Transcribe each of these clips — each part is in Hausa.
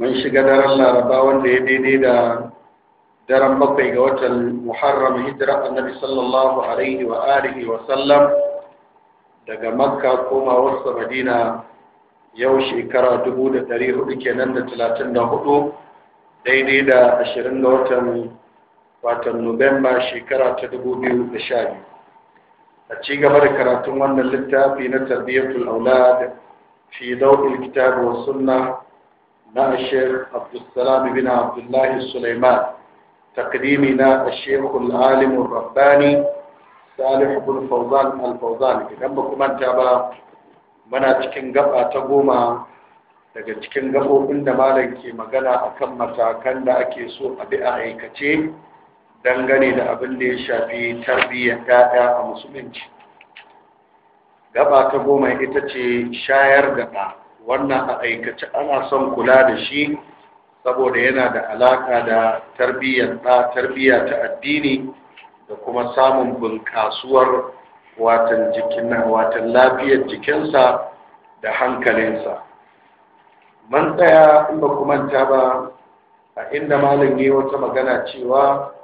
mun shiga daren laraba wanda ya daidai da daren bakwai ga watan muharram hijira annabi sallallahu alaihi wa alihi wa sallam daga makka koma wasu madina yau shekara dubu da ɗari hudu kenan da talatin da hudu daidai da ashirin da watan watan nuwamba shekara ta dubu biyu da sha biyu a ci gaba da karatun wannan littafi na tarbiyyatul aulad fi dawil kitab wa sunna na الشيخ عبد السلام بن عبد الله السليمان تقديمنا الشيخ العالم الرباني صالح بن فوزان الفوزان idan ba kuma ta ba muna cikin gaba ta goma daga cikin gabobin da malam ke magana akan matakan da ake so a bi a aikace dangane da abin da ya shafi tarbiyyar 'ya'ya a musulunci gaba ta goma ita ce shayar da ɗa wannan a aikace ana son kula da shi saboda yana da alaka da tarbiyyar da tarbiyya ta addini da kuma samun bunkasuwar watan jikin watan lafiyar jikinsa da hankalinsa man tsaya in ba ku manta ba a inda malam ne wata magana cewa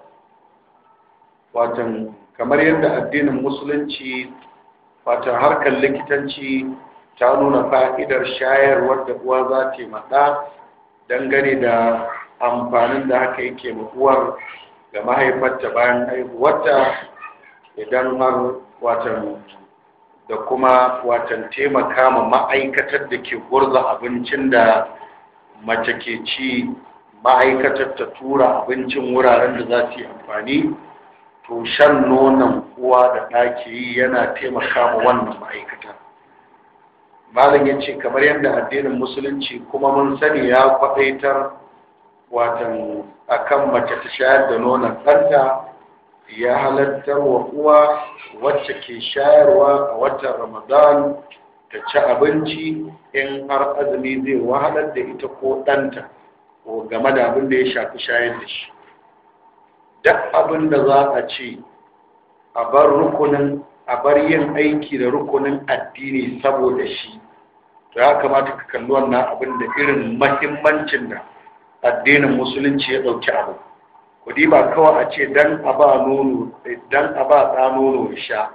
watan kamar yadda addinin musulunci watan harkar likitanci ta nuna fa'idar shayarwar da uwa za ta maɗa dangane da amfanin da haka yake uwar ga mahaifarta bayan haihuwarta idan har watan da kuma watan taimaka ma ma'aikatar da ke gurza abincin da mace ke ci ma'aikatar ta tura abincin wuraren da za su yi amfani to shan nonon uwa da yi yana taimaka ma wannan ma'aikatar malam ya ce kamar yadda addinin musulunci kuma mun sani ya kwaɗaitar watan akan mace ta shayar da nonon ɗanta ya halattar wa uwa wacce ke shayarwa a watan ramadan ta ci abinci in har azumi zai wahalar da ita ko ɗanta ko game da abin da ya shafi shayar da shi duk abin da za a ce a bar rukunin a bar yin aiki da rukunin addini saboda shi to ya kamata ka kalli wannan abin da irin mahimmancin da addinin musulunci ya ɗauki abu kudi ba kawai a ce dan a ba nono dan a ba ɗa nono ya sha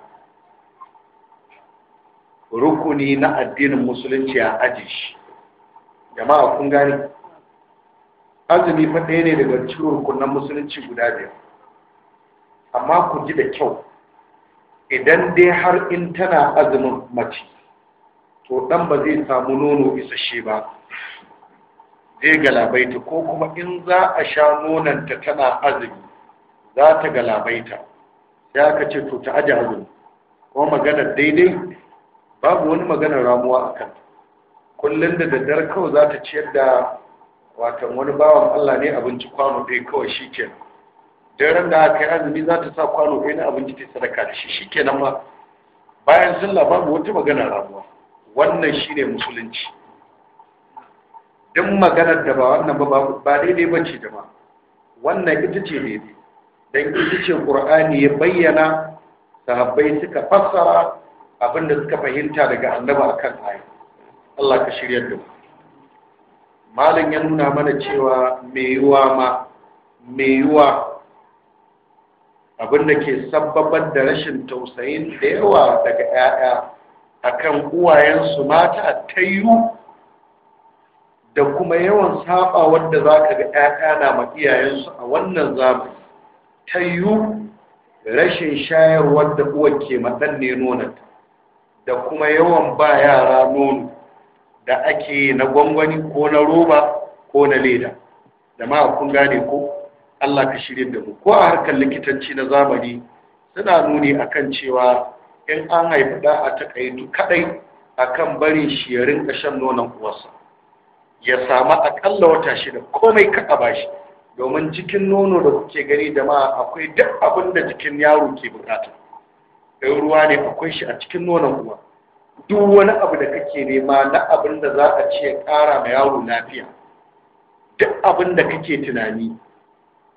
rukuni na addinin musulunci a aji shi jama'a kun gane azumi fa ɗaya ne daga cikin rukunan musulunci guda biyar amma ku ji da kyau idan dai har in tana azumin mace to dan ba zai samu nono isasshe ba zai galabaita ko kuma in za a sha nonanta tana azumi za ta galabaita ya ka ce to ta aji azumi kuma magana daidai babu wani magana ramuwa a kan kullum da daddare kawai za ta ciyar da watan wani bawan allah ne abinci kwano ɗaya kawai shi kenan daren da aka yi azumi za ta sa kwano ɗaya na abinci ta sadaka da shi shi kenan ma bayan sun mu wata magana rabuwa wannan shi ne musulunci duk maganar da ba wannan ba ba daidai ba ce jama wannan ita ce daidai don ita ce ƙur'ani ya bayyana sahabbai suka fassara abin da suka fahimta daga annaba akan ayi Allah ka shirya da mu malam ya nuna mana cewa mai yiwuwa ma mai yuwa abin da ke sabbabar da rashin tausayin da yawa daga 'ya'ya kan uwayensu mata ta yiwu da kuma yawan saba wadda za ka ga 'ya'ya na ma iyayensu a wannan zamani ta yiwu rashin shayarwar da uwa ke matsanne nonata, da kuma yawan ba yara nono da ake na gwangwani ko na roba ko na leda da ma kun gane ko Allah ka shirin da mu ko a harkar likitanci na zamani suna nuni akan cewa in an haifi da a takaitu kadai akan barin shi ya shan nonon uwarsa ya samu akalla wata shida komai ka ba shi domin jikin nono da kuke gani da ma akwai duk abin da jikin yaro ke bukata ɗan ruwa ne akwai shi a cikin nonon uwa duk wani abu da kake nema na abin da za a ce ƙara ma yaro lafiya duk abin da kake tunani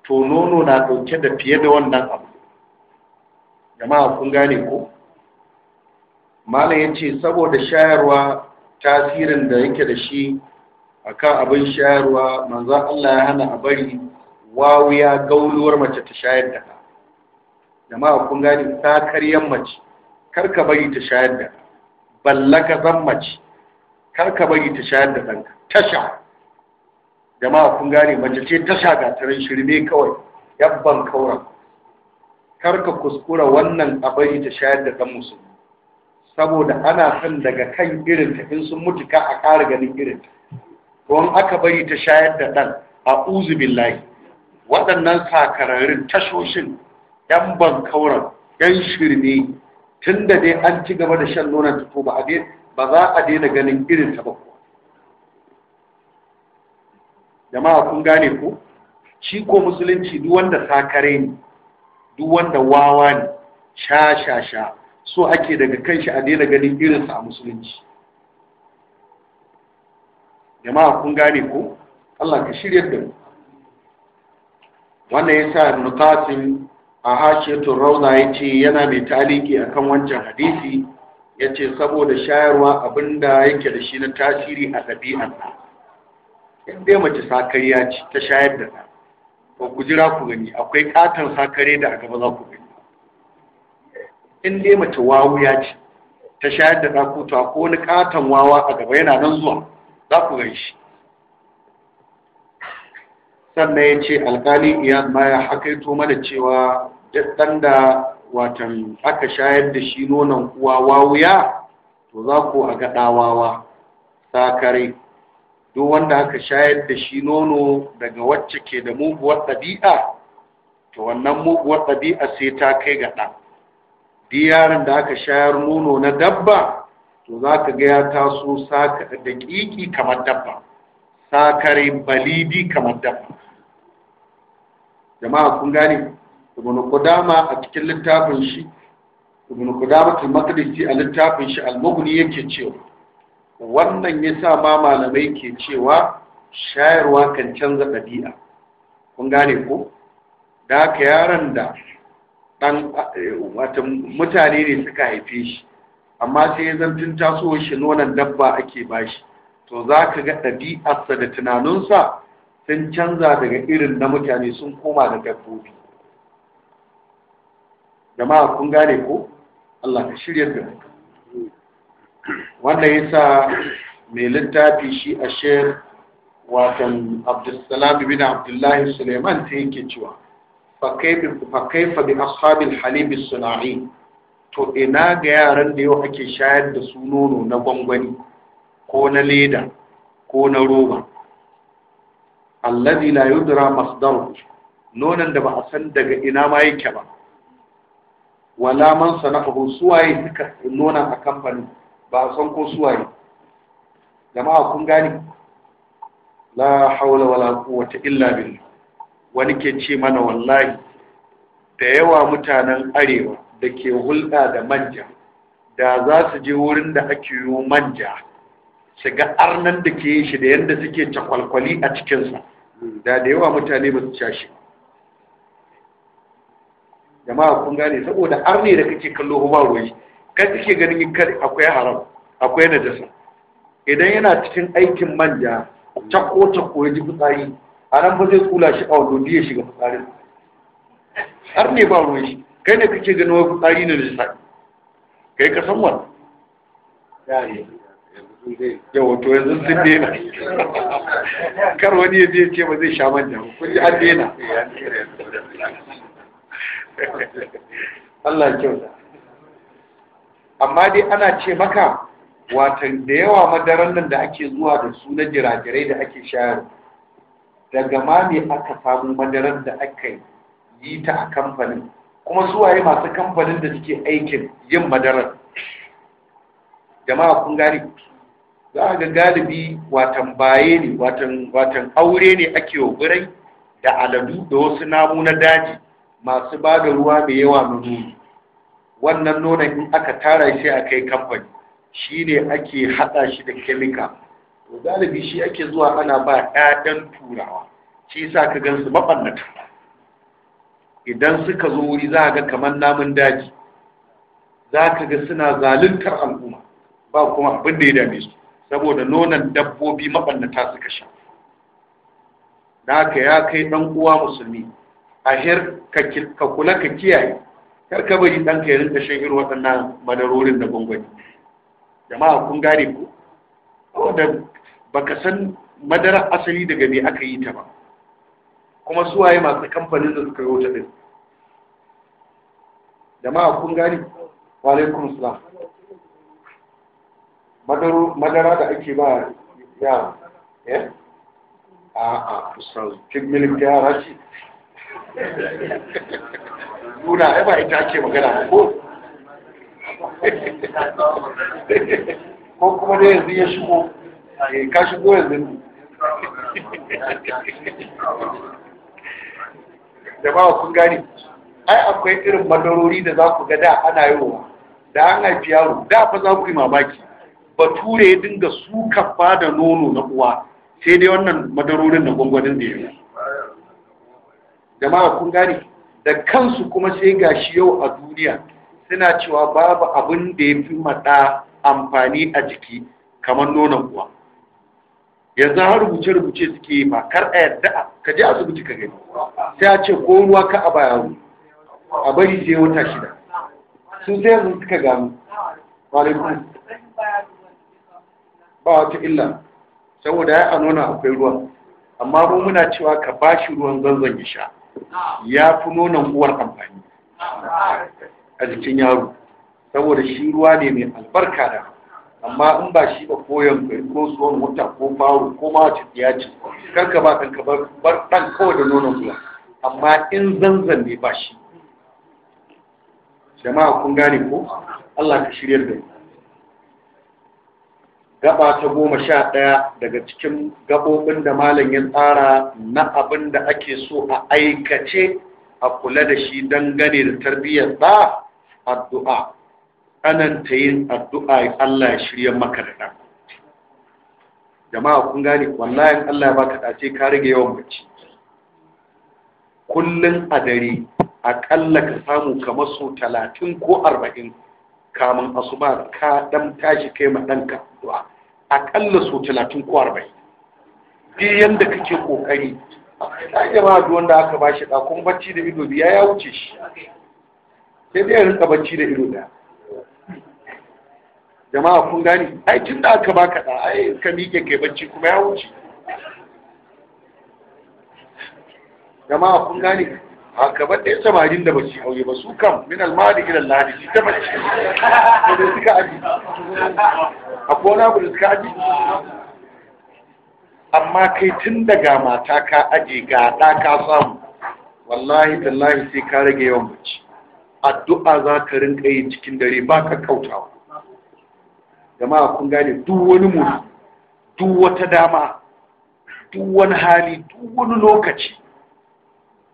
to nono na ɗauke da fiye da wannan abu jama'a kun gane ko malam ya ce saboda shayarwa tasirin da yake da shi akan abin shayarwa manzo Allah ya hana a bari wawiya gauluwar mace ta shayar da ka jama'a kun gane ta karyan mace kar ka bari ta shayar da ka ballaka zan mace kar ka bari ta shayar da ɗanka tasha jama'a kun gane mace ce ta shagatarin shirme kawai yabban kauran karka kuskura wannan abari ta shayar da ɗan musulmi saboda ana san daga kan irinta in sun mutu ka a ƙara ganin irinta don aka bari ta shayar da ɗan a uzubillahi waɗannan sakararin tashoshin ‘yan kauran ‘yan shirme tun da dai an ci gaba da shan nonon tuko ba za a daina ganin irinta ba jama'a kun gane ku shi ko musulunci duk wanda sakare ne duk wanda wawa ne sha sha sha so ake daga kan shi a daina ganin irinsa a musulunci jama'a kun gane ko Allah ka shirya da mu wannan yasa Ibn Qasim a hashiyatun rauna ya ce yana mai taliki akan wancan hadisi ya ce saboda shayarwa abinda yake da shi na tasiri a ɗabi'ar in dai mace sakariya ce ta shayar da ta ko ku jira ku gani akwai katon sakare da a gaba za ku gani in dai mace wawuya ce ta shayar da ta ko ko wani katon wawa a gaba yana nan zuwa za ku gani shi sannan ya ce alkali iyan ma ya hakaito mana cewa ɗan da watan aka shayar da shi nonon uwa wawuya to za ku a ga ɗawawa sakare duk wanda aka shayar da shi nono daga wacce ke da muguwar ɗabi'a to wannan muguwar ɗabi'a sai ta kai ga ɗan yaron da aka shayar nono na dabba to za ka ga ya taso da ƙiƙi kamar dabba sakare balidi kamar dabba jama'a kun gane ibn qudama a cikin littafin shi ibn qudama al-maqdisi a littafin shi al-mughni yake cewa wannan ya sa ma malamai ke cewa shayarwa kan canza ɗabi'a kun gane ko da haka yaran da ɗan mutane ne suka haife shi amma sai ya zantin tasowar shi nonon dabba ake bashi to za ka ga ɗabi'arsa da tunaninsa sun canza daga irin na mutane sun koma da dabbobi jama'a kun gane ko Allah ka shirya da mutum wanda ya sa mai littafi shi a shir watan abdulsalam bin abdullahi suleiman ta yake cewa fa bi ashabin halibi suna'i to ina ga yaran da yau ake shayar da su nono na gwangwani ko na leda ko na roba alladhi la yudra masdaru nonon da ba a san daga ina ma yake ba wala man sanafahu suwaye duka nona a kamfanin ba a san ko ne. jama'a kun gane la haula wala quwwata illa billah wani ke ce mana wallahi da yawa mutanen arewa da ke hulɗa da manja da za su je wurin da ake yi manja su ga arnan da ke yi shi da yadda suke cakwalkwali a cikinsa da da yawa mutane ba su cashe jama'a kun gane saboda arne da kake kallo ba ruwa kan kike ganin kar akwai haram akwai najasa idan yana cikin aikin manja cakko cakko ya ji fitsari a nan ba zai tsula shi a wando ya shiga fitsarin har ne ba ruwan shi kai ne kake ganin wai fitsari ne najasa kai ka san wannan yau wato yanzu sun dena kar wani ya ce ba zai sha manja kun ji an dena Allah ya kyauta amma dai ana ce maka watan da yawa madaran nan da ake zuwa da su na jirajirai da ake shayar daga ma ne aka samu madaran da aka yi ta a kamfanin kuma su waye masu kamfanin da suke aikin yin madarar jama'a kun gane za a ga galibi watan baye ne watan aure ne ake wa birai da aladu da wasu namu na daji masu ba da ruwa mai yawa mai nuni wannan nonon in aka tara shi a kai kamfani shi ne ake haɗa shi da kemika to galibi shi ake zuwa ana ba ɗaɗan turawa shi sa ka gan su mabannata. idan suka zo wuri za ga kamar namun daji za ka ga suna zaluntar al'umma ba kuma abin da ya dame su saboda nonon dabbobi mabannata suka sha da haka ya kai ɗan uwa musulmi A ka kula ka kiyaye kar ka dan ɗanka ya rinka shan irin waɗannan madarorin da gwangwani jama'a kun gane ku saboda baka san madara asali daga me aka yi ta ba kuma su waye masu kamfanin da suka yi ta din jama'a kun gane wa alaikum salam madara da ake ba yara eh? ya? a'a kusan cikin milik yara ce nuna ai ba ita ake magana ba ko ko kuma da yanzu ya shigo eh, ka shigo yanzu da ba kun gani ai akwai irin madarori da za ku ga da ana yi wa da an haifi yaro da fa za ku yi mamaki bature ya dinga suka ba da nono na uwa sai dai wannan madarorin na gwangwanin da ya yi jama'a kun gani da kansu kuma sai gashi yau a duniya suna cewa babu abin da ya fi maɗa amfani a jiki kamar nonon uwa yanzu har rubuce-rubuce suke yi ma kar a yadda ka je asibiti ka gani sai a ce ko ruwa ka a baya a bari sai wata shida sun sai yanzu suka gano walaikun ba wata illa saboda ya a nuna akwai ruwa amma mu muna cewa ka ba shi ruwan zanzan ya sha ya fi nonon uwar amfani a jikin yaro saboda shi ruwa ne mai albarka da amma in ba shi ba koyon kai ko tsohon wata ko faru ko ma wace ya ci kanka ba kanka bar ɗan kawai da nonon uwa amma in zanzan ne ba shi jama'a kun gane ko Allah ka shiryar da mu gaba ta goma sha ɗaya daga cikin gaɓoɓin da malam ya tsara na abin da ake so a aikace a kula da shi gane da tarbiyyar ba addu'a tsananta yin addu'a Allah ya shirya maka da ɗan jama'a kun gane wallahi Allah ya baka ɗace ka rage yawan bacci kullum a dare aƙalla ka samu kamar sau talatin ko arba'in kamun asuba ka ɗan tashi kai ma ɗanka addu'a aƙalla so talatin ko arba'in duk yadda kake ƙoƙari a jama'a da wanda aka ba shi ɗakun bacci da ido biya ya wuce shi sai dai rinka bacci da ido ɗaya jama'a kun gani ai tun da aka baka ɗa ai ka miƙe kai bacci kuma ya wuce jama'a kun gani haka ba ɗaya samarin da basu hauye aure ba su kam min almadi ila ladi shi ta mace ko da suka aji akwai wani abu da suka aji amma kai tun daga mata ka aje ga ɗa ka samu wallahi tallahi sai ka rage yawan mace addu'a za ka rinka yi cikin dare ba ka kautawa jama'a kun gane duk wani mutum duk wata dama duk wani hali duk wani lokaci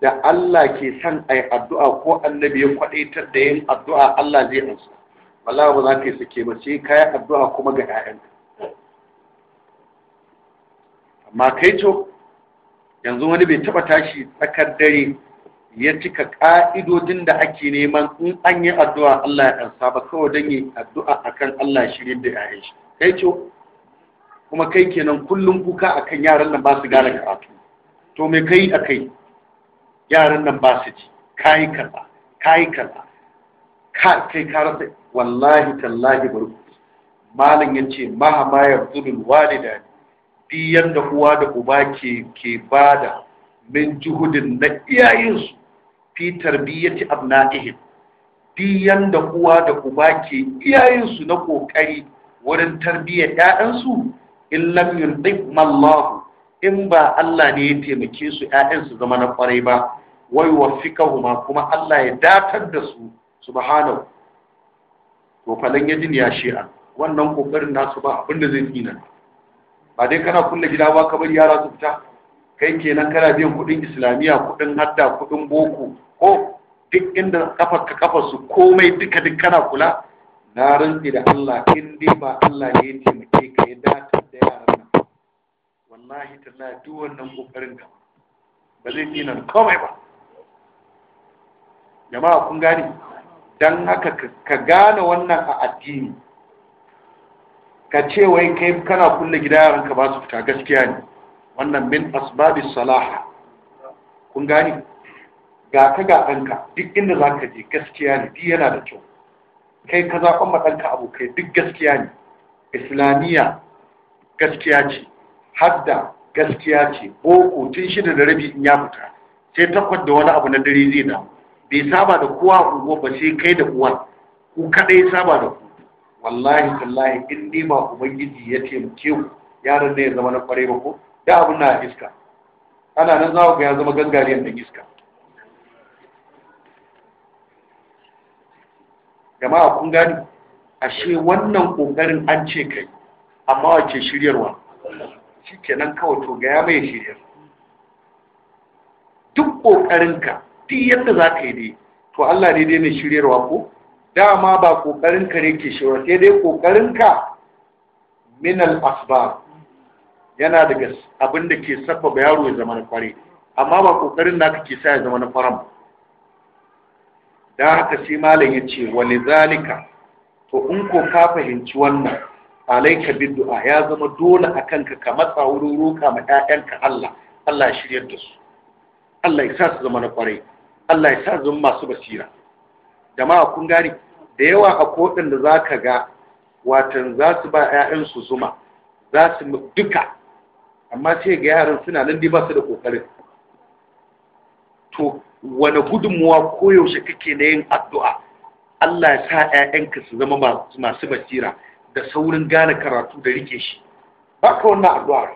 da Allah ke san a yi addu'a ko annabi ya kwaɗaitar da yin addu'a Allah zai ansa. bala ba za ka yi sake ba sai ka yi addu'a kuma ga 'ya'yanka amma kai to yanzu wani bai taɓa tashi tsakar dare ya cika ƙa'idodin da ake neman in an yi addu'a Allah ya ansa ba kawai don yi addu'a a kan Allah shirin da 'ya'yan shi kai to kuma kai kenan kullum kuka a kan yaran nan ba su gane karatu to me kai a kai yaran nan ba su ji kayi kaza kayi kaza ka kai ka rasa wallahi tallahi barku malam yace mahama zubin walida bi yanda uwa da uba ke ke bada min juhudin na iyayensu fi tarbiyyati abna'ihim bi yanda uwa da uba ke iyayensu na kokari wurin tarbiyyar 'ya'yansu in lam ɗin? Mallahu. in ba Allah ne ya taimake su ‘ya'yan su zama na kwarai ba wai wafikahuma kuma Allah ya datar da su subhanahu to falon ya ya shi'a wannan ƙoƙarin nasu ba abin da zai tsina ba dai kana kulle gida ba ka bari yara su fita kai kenan kana biyan kuɗin islamiyya kuɗin hadda kuɗin boko ko duk inda kafar ka kafa su komai duka duk kana kula na rantsi da Allah in dai ba Allah ne ya taimake ka ya datar da yara wallahi na duk wannan kokarin da ba zai dina komai ba jama'a kun gane dan haka ka gane wannan a addini ka ce wai kai kana kulle gida yaranka ba su fita gaskiya ne wannan min asbabis salaha kun gane ga ka ga ɗanka duk inda za ka je gaskiya ne duk yana da kyau kai ka zaɓan ma abokai duk gaskiya ne islamiyya gaskiya ce hadda gaskiya ce boko tun shida da rabi in ya fita sai takwas da wani abu na dare zai da bai saba da kowa a unguwa ba sai kai da uwa ku kadai saba da ku wallahi wallahi in ni ba ubangiji ya taimake ku yaran ne ya zama na kwarai ba ko da abun na iska ana nan za ga ya zama gangariyar da iska jama'a kun gani ashe wannan kokarin an ce kai amma wace shiryarwa shi nan kawai to gaya mai shirya duk ƙoƙarinka duk yadda za ka yi dai to Allah ne dai ne shiryarwa ko dama ba ƙoƙarinka ne ke shirya sai dai ƙoƙarinka minal asbab yana daga abin da ke sabba yaro ya zama na kware amma ba ƙoƙarin naka ke sa ya zama na faram. da haka sai malam ya ce wani zalika to in ko ka fahimci wannan alaika bin du'a ya zama dole a kanka ka matsa wurin roƙa ma 'ya'yanka Allah Allah ya shiryar da su Allah ya sa su zama na kwarai Allah ya sa su zama masu basira jama'a kun gane da yawa a kodin da za ka ga watan za su ba su zuma za su duka amma sai ga yaran suna nan dai ba su da ƙoƙarin. to wani gudunmuwa koyaushe kake na yin addu'a Allah ya sa 'ya'yanka su zama masu basira da saurin gane karatu da rike shi ba ka wannan addu'a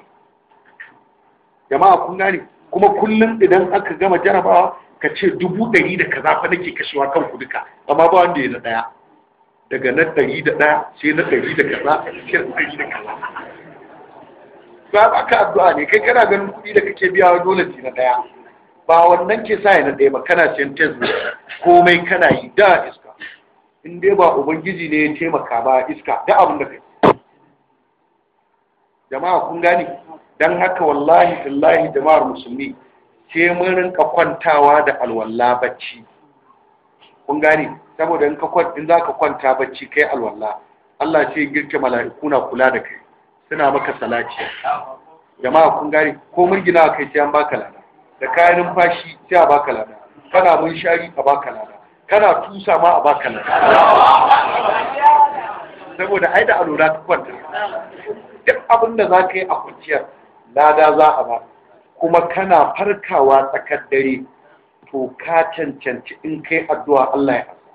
jama'a kun gane kuma kullum idan aka gama jarabawa ka ce dubu ɗari da kaza fa nake kashewa kan ku duka amma ba wanda ya na ɗaya daga na ɗari da ɗaya sai na ɗari da kaza sai na ɗari da kaza ba ba ka addu'a ne kai kana ganin kuɗi da kake biya dole ci na ɗaya ba wannan ke sa ya na ɗaya ba kana siyan textbook komai kana yi da is in dai ba ubangiji ne ya taimaka ba iska da abin da kai jama'a kun gani dan haka wallahi billahi jama'ar musulmi sai mun rinka kwantawa da alwala bacci kun gani saboda in ka in kwanta bacci kai alwala Allah ce girke mala'iku na kula da kai suna maka salati jama'a kun gani ko murgina kai sai an baka lada da kayan numfashi sai a baka lada kana mun shari a baka lada kana tusa ma a baka nan saboda ai da alura ta kwanta duk abin da za ka yi a kwanciyar lada za a ba kuma kana farkawa tsakar dare to ka cancanci in kai addu'a Allah ya amsa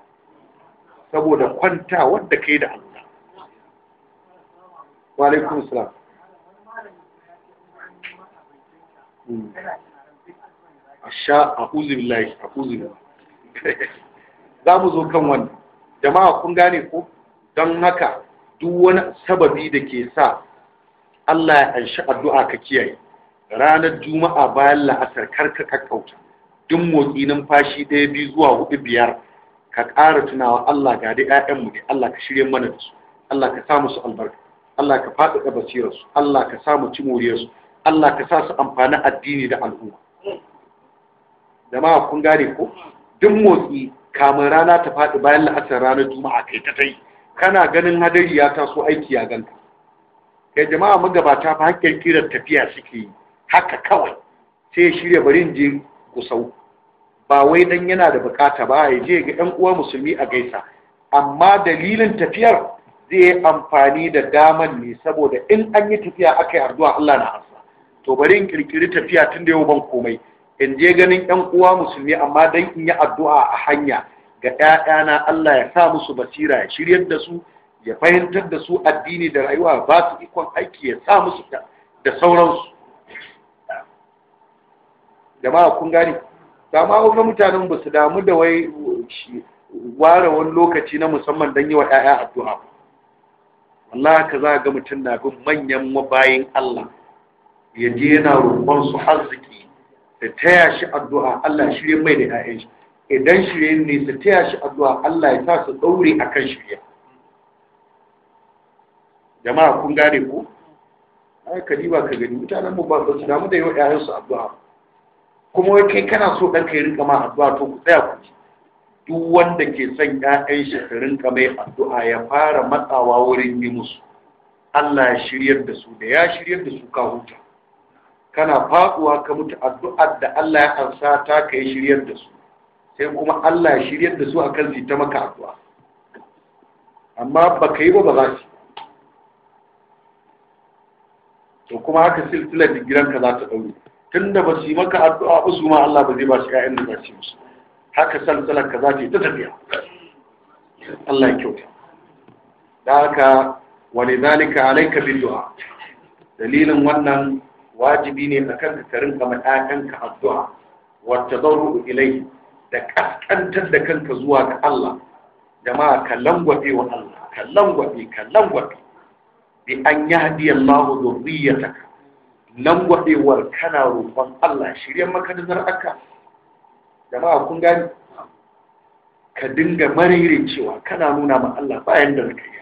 saboda kwanta wadda kai da Allah wa alaikum salam hmm. asha a'udhu a a'udhu billahi za mu zo kan wani. jama'a kun gane ko don haka duk wani sababi da ke sa Allah ya anshi addu'a ka kiyaye ranar juma'a bayan la'asar kar ka kakkauta duk motsi numfashi ɗaya biyu zuwa hudu biyar ka ƙara tunawa Allah ga da ƴaƴanmu ne Allah ka shirye mana da su Allah ka sa musu albarka Allah ka faɗaɗa basirarsu Allah ka sa mu ci moriyarsu Allah ka sa su amfani addini da al'umma jama'a kun gane ko duk motsi kamar rana ta faɗi bayan la'asar ranar juma'a kai ta tai kana ganin hadari ya taso aiki ya ganka kai jama'a magabata fa hakkin kiran tafiya suke yi haka kawai sai ya shirya barin je kusau ba wai dan yana da bukata ba ya je ga yan uwa musulmi a gaisa amma dalilin tafiyar zai yi amfani da daman ne saboda in an yi tafiya aka yi addu'a Allah na ansa to bari in kirkiri tafiya tun da yau ban komai in je ganin yan uwa musulmi amma dan in yi addu'a a hanya ga ƴaƴana Allah ya sa musu basira ya shiryar da su ya fahimtar da su addini da rayuwa ba su ikon aiki ya sa musu da sauransu jama'a kun gani ma ga mutanen ba su damu da wai ware wani lokaci na musamman dan yi wa 'ya'ya addu'a Allah ka za ga mutum na bin manyan mabayin Allah ya je yana roƙon su arziki Da taya shi addu'a Allah shirye mai da 'ya'yan shi idan shirye ne su taya shi addu'a Allah ya sa su daure akan shirye jama'a kun gane ko ai ka diba ka gani mutanen mu ba su damu da yau su addu'a kuma wai kai kana so ɗan ka rinka ma addu'a to ku tsaya ku ji duk wanda ke son ‘ya'yan shi su rinka mai addu'a ya fara matsawa wurin yi musu Allah ya shiryar da su da ya shiryar da su ka huta kana faduwa ka mutu addu'ar da Allah ya ansa ta ka yi shiryar da su sai kuma Allah ya shiryar da su akan kan ta maka addu'a amma ba ka yi ba ba za su to kuma haka silsilar digiranka za ta ɗaure tun da ba su yi maka addu'a ba su ma Allah ba zai ba su ƴaƴan da za su yi musu haka silsilar ka za ta yi ta tafiya Allah ya kyauta da haka wa lidhalika alayka bid du'a dalilin wannan wajibi ne a kan ka rinka ma ɗayanka addu'a wata zauru ilai da ƙasƙantar da kanka zuwa ga Allah jama'a ka langwabe wa Allah ka langwabe ka langwabe bi an yi hadiyar lahu ka, langwabewar kana roƙon Allah shirya maka da zar'aka jama'a kun gani ka dinga maririn cewa kana nuna ma Allah bayan da zaka yi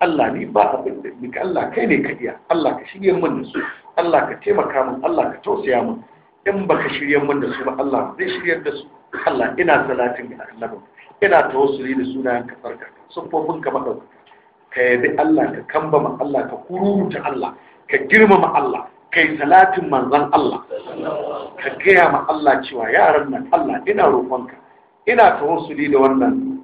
Allah ni ba abin da ni Allah kai ne ka iya Allah ka shirye min da su Allah ka taimaka min Allah ka tausaya min in baka shirye min da su ba Allah zai shirye da su Allah ina salatin ga annabi ina tawassuli da sunayen ka sarka sufofin ka madauka ka yabi Allah ka kamba kambama Allah ka kururuta Allah ka girmama Allah kai salatin manzon Allah ka gaya ma Allah cewa yaran nan Allah ina roƙonka ina tawassuli da wannan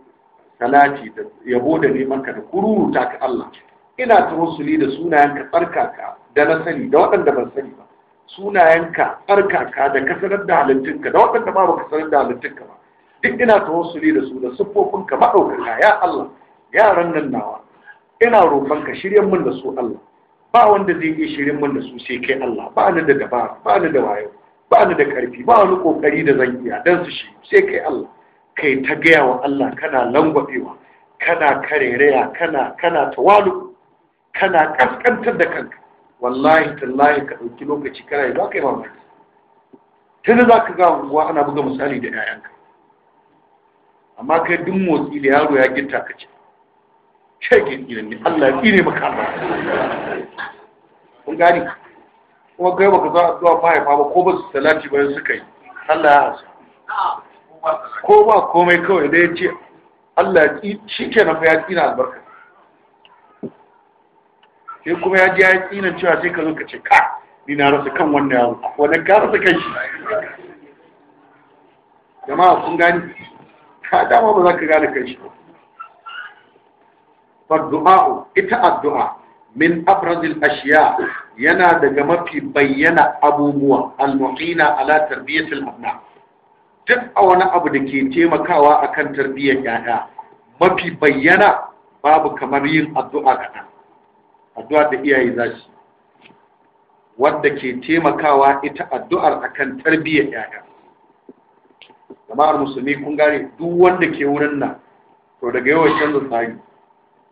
salati da yabo da Nemanka da kururuta ka Allah ina tawassuli da sunayenka tsarkaka da na sani da waɗanda ban sani ba sunayenka tsarkaka da ka sanar da halittunka da waɗanda ba ka sanar da halittunka ba duk ina tawassuli da su da siffofinka maɗaukaka ya Allah yaran nan nawa ina roƙonka shiryen min da su Allah ba wanda zai iya shirin min da su sai kai Allah ba ni da dabara ba ni da wayo ba ni da karfi ba wani kokari da zan iya dan su shi sai kai Allah kai ta gaya wa Allah kana langwabewa kana karereya kana kana tawalu kana kaskantar da kanka wallahi tallahi ka ɗauki lokaci kana yi za ka yi mamaki tun za ka ga unguwa ana buga misali da 'ya'yanka amma kai duk motsi da yaro ya ginta ka ce shekin ne Allah ya ne maka kun gani kuma kai baka zo a zuwa haifa ba ko ba su salati bayan suka yi Allah ya asa ko ba komai kawai da ya ce Allah shi ke na ya tsina albarka sai kuma ya ji ya tsina cewa sai ka zo ka ce ka ni na rasa kan wannan yawon wadda ka rasa kan shi jama'a sun gani ka dama ba za ka gane kan shi ba. du'a'u ita addu'a min abrazil ashiya yana daga mafi bayyana abubuwa al muhina ala tarbiyatil abna' duk a wani abu da ke taimakawa a kan tarbiyyar yaya mafi bayyana babu kamar yin addu'a kaɗan addu'a da iyaye za shi wadda ke taimakawa ita addu'ar a kan tarbiyyar yaya jama'ar musulmi kun gane duk wanda ke wurin nan to daga yawan canza tsari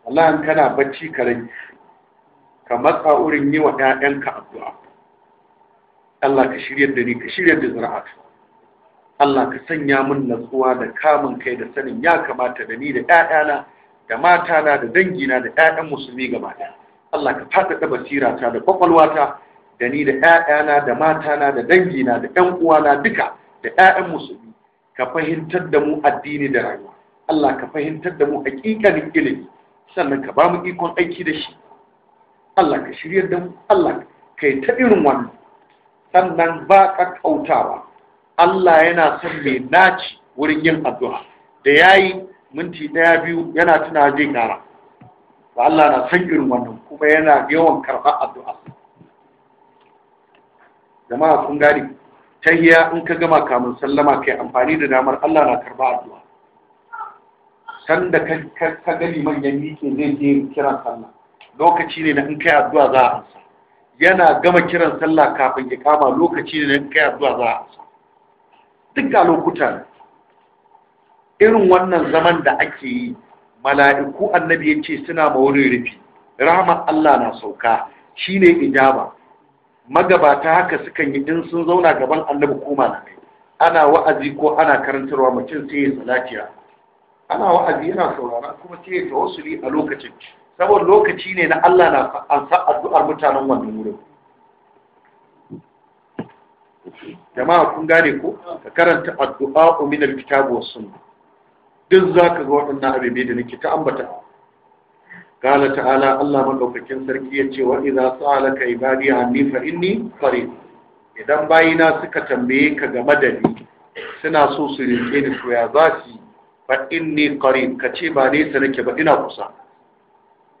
Allah in kana bacci ka rai ka matsa wurin yi wa 'ya'yanka addu'a Allah ka shirya da ni ka shirya da zuri'atu Allah ka sanya min natsuwa da kamun kai da sanin ya kamata da ni da ƴaƴana da matana da dangina da ƴaƴan musulmi gaba ɗaya Allah ka faɗaɗa ta da kwakwalwata da ni da ƴaƴana da matana da dangina da ƴan uwana duka da ƴaƴan musulmi ka fahimtar da mu addini da rayuwa Allah ka fahimtar da mu haƙiƙanin ilimi sannan ka ba mu ikon aiki da shi Allah ka shiryar da mu Allah ka yi ta irin wannan sannan ba ka kautawa Allah yana son mai naci wurin yin addu'a da ya yi minti ɗaya biyu yana tuna zai ƙara ba Allah na san irin wannan kuma yana yawan karɓar addu'a jama'a kun gane tahiya in ka gama kamun sallama kai amfani da damar Allah na karɓa addu'a sanda ka gani manyan yake zai je kiran sallah lokaci ne na in kai addu'a za a yana gama kiran sallah kafin ya kama lokaci ne na in kai addu'a za a ansa duk ga lokuta irin wannan zaman da ake yi mala'iku annabi ya suna ma rufi rahmar Allah na sauka shine ijaba magabata haka sukan yi din sun zauna gaban annabi kuma malamai ana wa'azi ko ana karantarwa mutum sai ya salatiya ana wa'azi yana saurara kuma sai ya tawassuli a lokacin saboda lokaci ne na Allah na ansa addu'ar mutanen wannan wurin jama'a kun gane ko ka karanta addu'a min alkitabu was sunna duk zaka ga waɗannan abubuwa da nake ta ambata qala ta'ala Allah madaukakin sarki yace wa idza sa'alaka ibadi anni fa inni qarib idan bayina suka tambaye ka game da ni suna so su rike ni to ya za fa inni qarib ka ce ba nesa nake ba ina kusa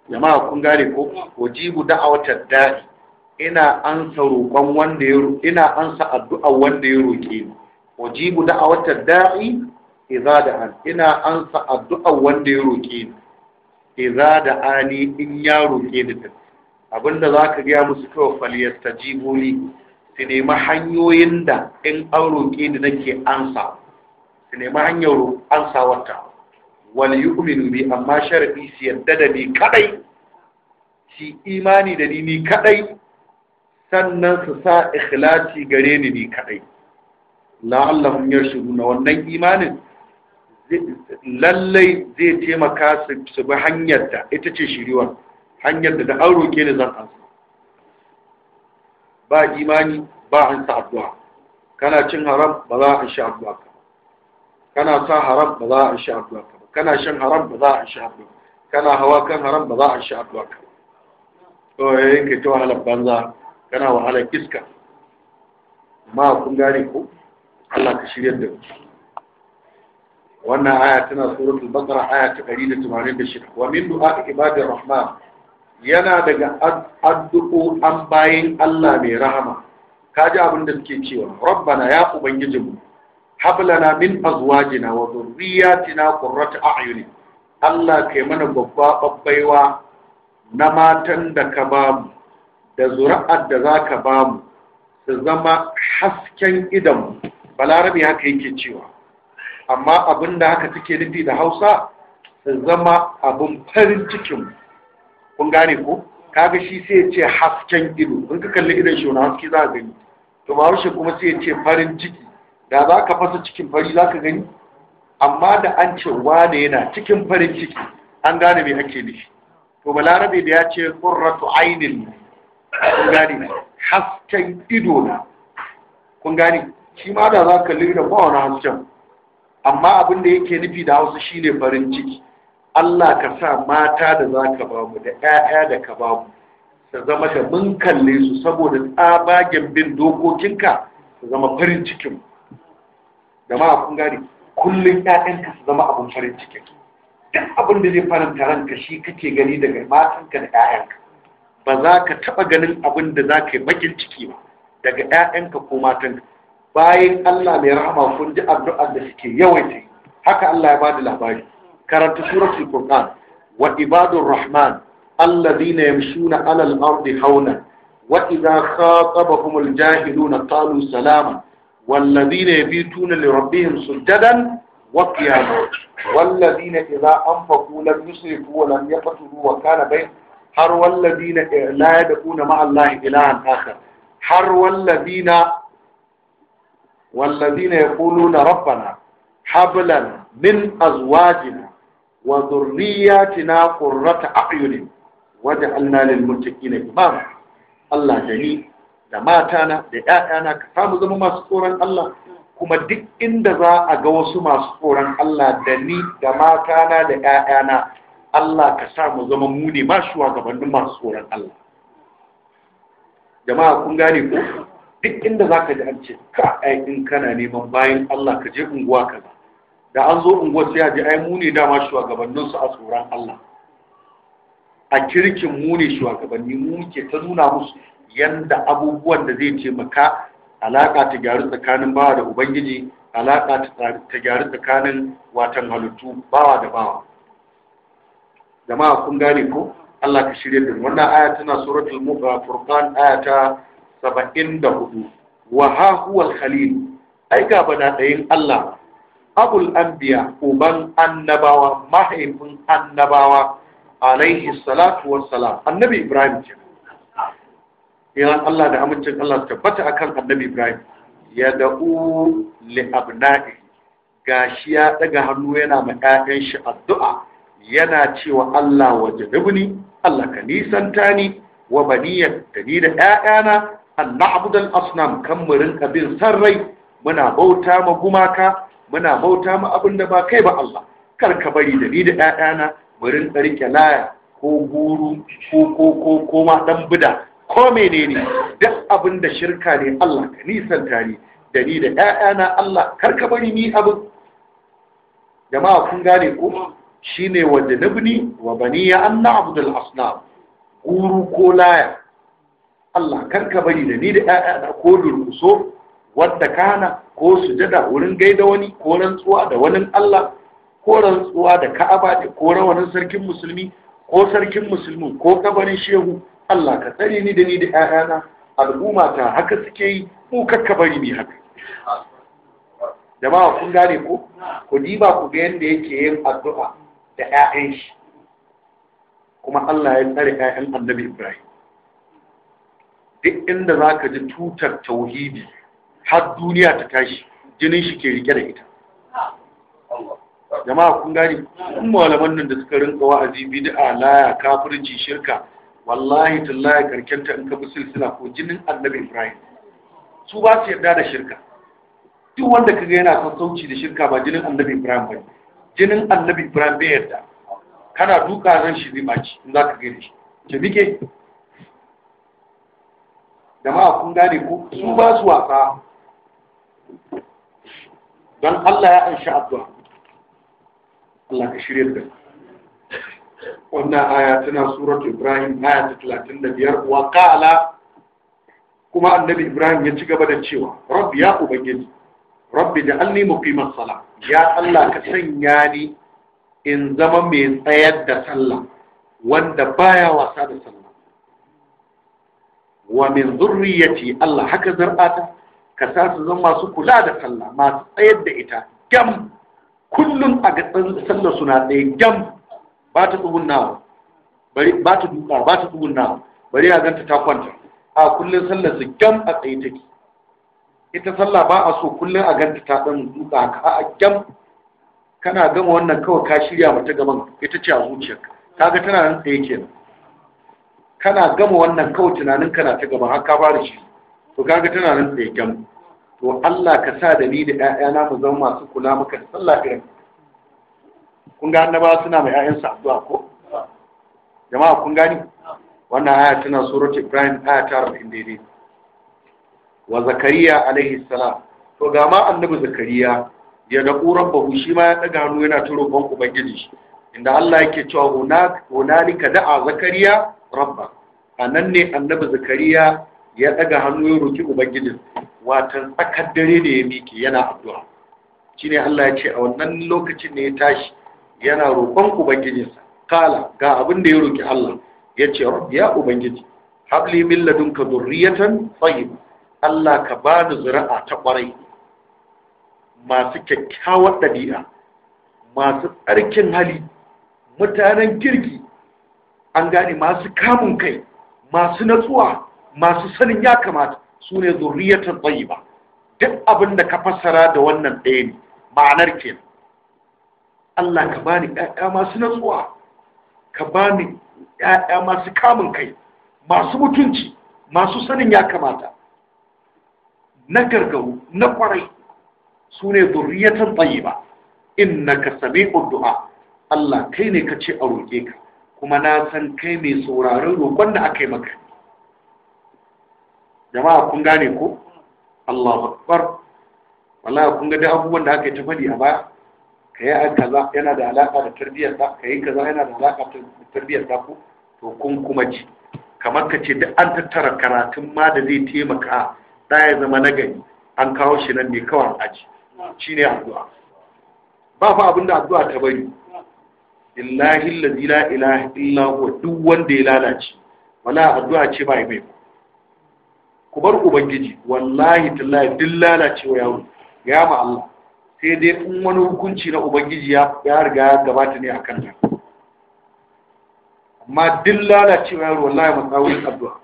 jama'a kun gane ko wajibu da'awatar da'i ina ansa roƙon wanda ya ina ansa addu'a wanda ya roƙe ni wajibu da'awata da'i idza an ina ansa addu'a wanda ya roƙe ni da ani in ya roƙe ni abinda zaka ga musu kawai falyastajibu li su nemi hanyoyin da in an roƙe ni nake ansa su nemi hanyar ansa wata wani yu'minu bi amma sharadi su yadda da ni kadai shi imani da ni ni kadai sannan su sa ikhlasi gare ni ni kadai la'allahum yarshuduna wannan imanin lallai zai taimaka su bi hanyar da ita ce shiriwa hanyar da da an roke ni zan ansa ba imani ba an sa addu'a kana cin haram ba za a sha addu'a ka kana sa haram ba za a sha addu'a ka kana shan haram ba za a sha addu'a kana hawa kan haram ba za a sha addu'a ka to yayin ke ta wahalar banza kana wahalar iska ma kun gane ko Allah ka shiryar da wannan aya tana suratul baqara aya ta 186 wa min du'a ibadir rahman yana daga addu'o an bayin Allah mai rahama kaji abin da suke cewa rabbana ya mu hablana min azwajina wa dhurriyyatina qurrata a'yuni Allah kai mana babba babbaiwa na matan da ka bamu da zuri'ar da za ka ba mu su zama hasken idanmu balarabi haka yake cewa amma abin da haka take nufi da hausa su zama abin farin cikinmu kun gane ko kaga shi sai ce hasken ido in ka kalli idan shi wani haske za a gani to marushe kuma sai ce farin ciki da za ka fasa cikin fari za ka gani amma da an ce wane yana cikin farin ciki an gane me ake nufi to balarabe da ya ce qurratu ainin kun hasken ido na kun gani shi ma da za ka lura ba wani hasken amma abin da yake nufi da hausa ne farin ciki Allah ka sa mata da za ka ba mu da 'ya'ya da ka ba mu ta zama da mun kalle su saboda tsabagen bin dokokinka su zama farin cikin da ma kun gani kullum 'ya'yanka su zama abin farin cikin duk abin da zai faranta ranka shi kake gani daga matanka da 'ya'yanka ba za ka taɓa ganin abin da za ka yi bakin ciki ba daga 'ya'yanka ko matanka bayan Allah mai rahama kun ji addu'ar da suke yawaita haka Allah ya bada labari karanta suratul qur'an wa ibadur rahman alladhina yamshuna 'alal ardi hauna wa idha khatabahumul jahiluna qalu salama walladhina yabituna lirabbihim sujadan wa qiyama walladhina idha anfaqu lam yusrifu wa lam yaqturu har walladina la yad'una ma Allah ilahan akhar har walladina والذين يقولون hablan min azwajina, من أزواجنا وذرياتنا قرة أعين وجعلنا للمتقين إماما الله جميل da matana da ‘ya'yana ka samu zama masu tsoron Allah kuma duk inda za a ga wasu masu tsoron Allah da ni da matana da ‘ya'yana Allah ka sa mu zama mu ne ma shugabannin masu tsoron Allah jama'a kun gane ku, duk inda za ka ji an ce ka ai kana neman bayan Allah ka je unguwa ka kaza da an zo unguwa sai a ji ai mu ne dama shugabannin su a tsoron Allah a kirkin mu ne shugabanni mu ke ta nuna musu yanda abubuwan da zai taimaka alaƙa ta gyaru tsakanin bawa da ubangiji alaƙa ta gyaru tsakanin watan halittu bawa da bawa jama'a kun gane ko Allah ka shirye da wannan aya tana suratul uh, furqan aya ta 74 wa ha huwa khalil ai ga bana dayin Allah abul anbiya uban annabawa mahaifin annabawa alaihi salatu wassalam annabi ibrahim kenan Allah da amincin Allah tabbata akan annabi Ibrahim ya da'u li abna'i gashi ya daga hannu yana ma ƴaƴan shi addu'a yana cewa Allah waje janibni Allah ka nisanta ni wa baniya da ni da 'ya'yana, an na'budal asnam kan mu rinka bin sarrai muna bauta ma gumaka muna bauta ma abin da ba kai ba Allah kar ka bari da ni da 'ya'yana, mu rinka laya ko guru ko ko ko bida ko menene duk abin da shirka ne Allah ka nisanta ni da ni da 'ya'yana Allah kar ka bari ni abin jama'a kun gane ko shine wanda nabni wa baniya an na'budu al-asnam guru ko laya Allah karka bari da ni da ƴaƴana ko durkuso wadda kana ko sujada wurin gaida wani ko rantsuwa da wani Allah ko rantsuwa da Ka'aba da ko rawanin sarkin musulmi ko sarkin musulmin ko kabarin shehu Allah ka tsare ni da ni da na al'umma ta haka suke yi mu karka bari mi haka jama'a kun gane ko ku diba ku ga yadda yake yin addu'a da 'ya'yan shi kuma Allah ya tsare 'ya'yan annabi Ibrahim duk inda za ka ji tutar tauhidi har duniya ta tashi jinin shi ke rike da ita jama'a kun gani kun malaman nan da suka rinka wa'azi bid'a laya kafirci shirka wallahi tallahi karkenta in ka bi silsila ko jinin annabi Ibrahim su ba su yarda da shirka duk wanda kaga yana son sauci da shirka ba jinin annabi Ibrahim ba ne. jinin annabi ibrahim bai yarda kana duka ran shi zai maci in za ka gani shi ke bike ma kun gane ko su ba su wasa don allah ya anshi addu'a allah ka shirya da wannan aya tana suratul ibrahim aya ta talatin da biyar wa kala kuma annabi ibrahim ya ci gaba da cewa rabbi ya ubangiji rabbi da ja'alni muqimas sala ya Allah ka sanya ni in zama mai tsayar da sallah wanda baya wasa da sallah wa min zurriyati Allah haka zar'ata ka sa su zama masu kula da sallah masu tsayar da ita gam kullum a ga sallah suna tsaye gam ba ta tsugunnawa bari ba ta duka ba ta tsugunnawa bari a ganta ta kwanta a kullum sallar su gam a tsaye take ita sallah ba a so kullum a ganta ta ɗan duka ka a gam kana gama wannan kawai ka shirya mata gaban ita ce a zuciyarka kaga tana nan tsaye kenan kana gama wannan kawai tunanin kana ta gaban har ka fara shi to kaga tana nan tsaye gam to Allah ka sa da ni da ƴaƴana mu zama masu kula maka da sallah irin kun ga annaba suna mai sa addu'a ko jama'a kun gani wannan aya tana suratul ibrahim aya ta 40 daidai wa zakariya alaihi salam to ga ma annabi zakariya ya da ƙuran bahu shi ma ya daga hannu yana ta roƙon ubangiji inda Allah yake cewa hunalika da'a zakariya rabba anan ne annabi zakariya ya daga hannu ya roƙi ubangiji watan tsakar dare da ya miƙe yana addu'a shine Allah ya ce a wannan lokacin ne ya tashi yana roƙon ubangiji kala ga abin da ya roƙi Allah ya ce ya ubangiji habli min ladunka zurriyatan tayyiba Allah ka ba da zuri'a ta ƙwarai masu kyakkyawar ɗabi'a masu tsarkin hali mutanen kirki an gane masu kamun kai masu natsuwa masu sanin ya kamata su ne zurriyatar tsayi ba duk abin da ka fassara da wannan ɗaya ne ma'anar ke Allah ka bani ƴaƴa masu natsuwa ka bani ƴaƴa masu kamun kai masu mutunci masu sanin ya kamata na gargaru na kwarai su ne zurriyatan na ka same du'a Allah kai ne ce a roƙe ka kuma na san kai mai sauraron roƙon da aka yi maka jama'a kun gane ko Allah akbar wallahi kun ga abubuwan da aka yi ta faɗi a baya ka yi kaza yana da alaƙa da tarbiyyar da? ka yi kaza yana da alaƙa da tarbiyyar da ku? to kun kuma ci kamar ka ce duk an tattara karatun ma da zai taimaka da ya zama nagari an kawo shi nan ne kawai aji ne addu'a ba fa abinda addu'a ta bari illahi allazi la ilaha illa huwa duk wanda ya lalace wala addu'a ce ba mai ku bar ubangiji wallahi tallahi duk lalacewa yawo ya ma Allah sai dai in wani hukunci na ubangiji ya riga ya gabata ne akan nan amma duk lalacewa yaro wallahi mu tsawon addu'a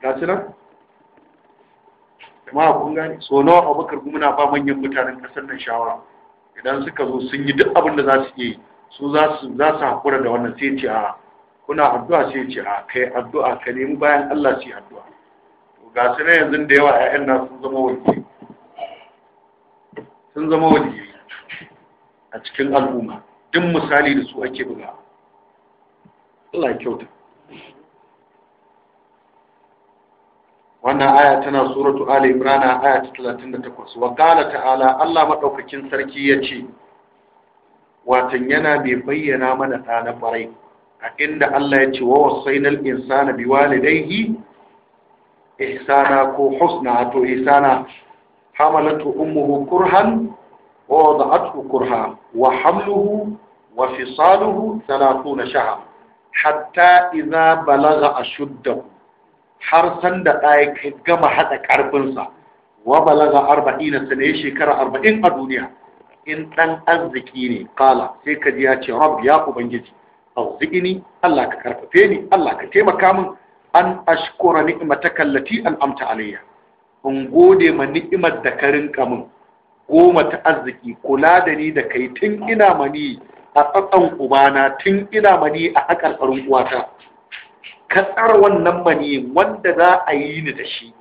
ga su nan ma kun gane so nawa abubakar kuma na ba manyan mutanen kasar nan shawara idan suka zo sun yi duk abin da za su yi su za su haƙura da wannan sai ce a kuna addu'a sai ce a kai addu'a ka nemi bayan Allah sai addu'a to ga su ne yanzu da yawa ƴaƴan na sun zama waliyyi sun zama a cikin al'umma duk misali da su ake buga Allah ya kyauta wannan aya tana suratu ali imran aya ta 38 wa qala ta'ala Allah madaukakin sarki yace watan yana bai bayyana mana da farai a inda Allah ya ce wa wasainal insana biwalidayhi ihsana ko husna to ihsana hamalatu ummuhu kurhan wa wada'atuhu kurha wa hamluhu wa fisaluhu 30 shahra hatta idza balagha ashuddahu har san da ɗaya ya gama haɗa ƙarfinsa wa balaga arba'in sana ya shekara arba'in a duniya in ɗan arziki ne kala sai ka ji ya ce rab ya ubangiji arzikini Allah ka karfafe ni Allah ka taimaka min an ashkura ni'mataka allati an'amta alayya in gode ma ni'imar da ka rinka min goma ta arziki kula da ni da kai tun ina mani a tsatsan ubana tun ina mani a haƙar uwata ka tsara wannan mani wanda za a yi ni da shi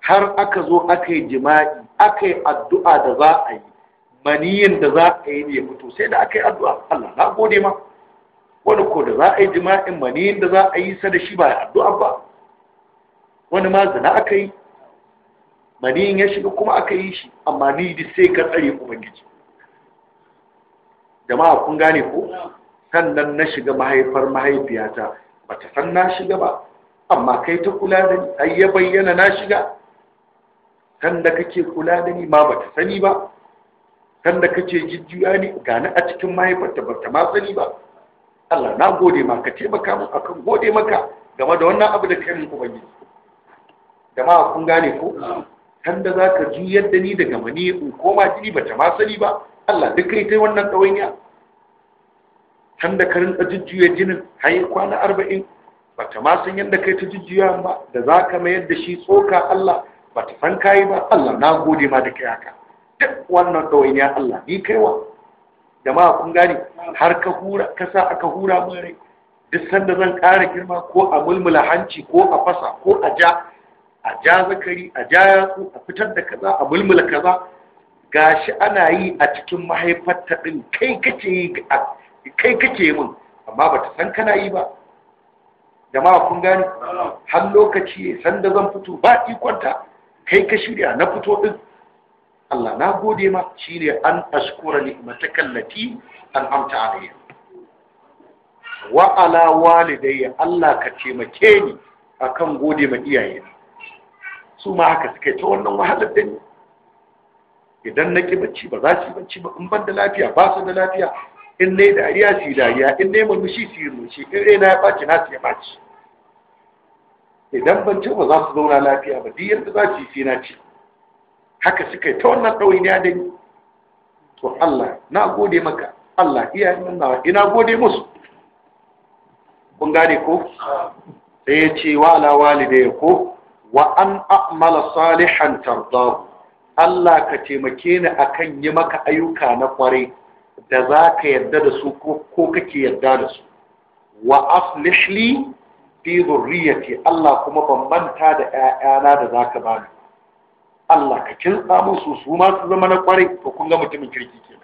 har aka zo aka yi jima'i aka yi addu'a da za a yi maniyin da za a yi ne ya fito sai da aka yi addu'a Allah na gode ma wani ko da za a yi jima'in maniyin da za a yi sa da shi ba addu'a ba wani ma zina aka yi maniyin ya shiga kuma aka yi shi amma ni da sai ka tsare ubangiji jama'a kun gane ko sannan na shiga mahaifar mahaifiyata bata san na shiga ba amma kai ta kula da ni ai ya bayyana na shiga kan da kake kula da ni ma bata sani ba kan da kake jijjuya ni gani a cikin mahaifarta bata ma sani ba Allah na gode ma ka taimaka min akan gode maka game da wannan abu da kai min ubangiji jama'a kun gane ko kan da zaka juyar da ni daga mani in koma jini bata ma sani ba Allah duk kai ta wannan ɗawainiya kan da ka da jujjuya jinin har yi kwana arba'in ba ta ma san yadda kai ta jujjuya ba da za ka mayar da shi tsoka Allah ba ta san kayi ba Allah na gode ma da kai haka duk wannan ɗawainiya Allah ni kaiwa jama'a kun gane har ka hura ka sa aka hura min rai duk sanda zan ƙara girma ko a mulmula hanci ko a fasa ko a ja a ja zakari a ja yatsu a fitar da kaza a mulmula kaza gashi ana yi a cikin mahaifar ta ɗin kai kace yi kai kake min amma ba ta san kana yi ba jama'a kun gani har lokaci ya san da zan fito ba ikonta kai ka shirya na fito din Allah na gode ma ne an ashkura matakallati an amta alayya wa ala walidayya Allah ka taimake ni akan gode ma iyaye su ma haka suka ta wannan wahalar da ni idan na ki bacci ba za ki bacci ba in ban da lafiya ba su da lafiya in dai dariya su dariya in dai murmushi su yi murmushi in dai na ya ɓaci na su ya ɓaci idan ban ci ba za su zauna lafiya ba duk yadda za su yi sai na ci haka suka yi ta wannan ɗawainiya ya dani to Allah na gode maka Allah iya iyayen nawa ina gode musu kun gane ko sai ya ce wa ala ya ko wa an a'mala salihan tardahu Allah ka taimake ni akan yi maka ayyuka na kwarai da za ka yarda da su ko kake yarda da su wa aslih li fi dhurriyyati Allah kuma ban manta da 'ya'yana da za zaka bani Allah ka kin musu su ma su zama na kwarai to kun ga mutumin kirki kenan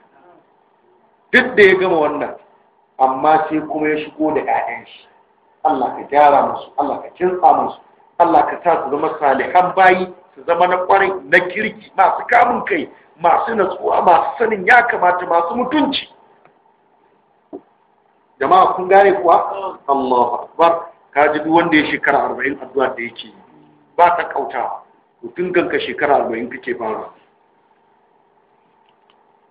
duk da ya gama wannan amma sai kuma ya shigo da 'ya'yan shi Allah ka gyara musu Allah ka kinsa musu Allah ka sa su zama salihan bayi su zama na kwarai na kirki masu kamun kai masu natsuwa masu sanin ya kamata masu mutunci jama'a kun gane kuwa Allahu akbar ka ji duk wanda ya shekara arba'in addu'a da yake yi ba ta kautawa mutum ganka shekara arba'in kake fara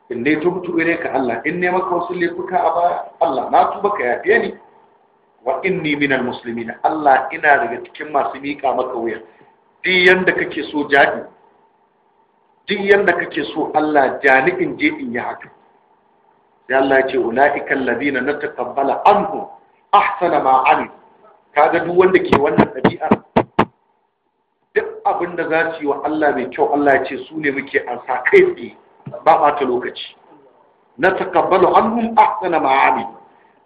in dai tubtu ne ka Allah in ne maka wasu laifuka a baya Allah na tuba ka yafe ni wa inni minal muslimin Allah ina daga cikin masu miƙa maka wuya duk yanda kake so jaɗi duk yanda kake so Allah jani in je in yi haka sai Allah ya ce ulaika alladhina nataqabbala anhum ahsana ma amil kaga duk wanda ke wannan ɗabi'ar duk abin da za su yi wa Allah mai kyau Allah ya ce su ne muke ansa kai tsaye ba ta lokaci na takabbalu anhum ahsana ma abin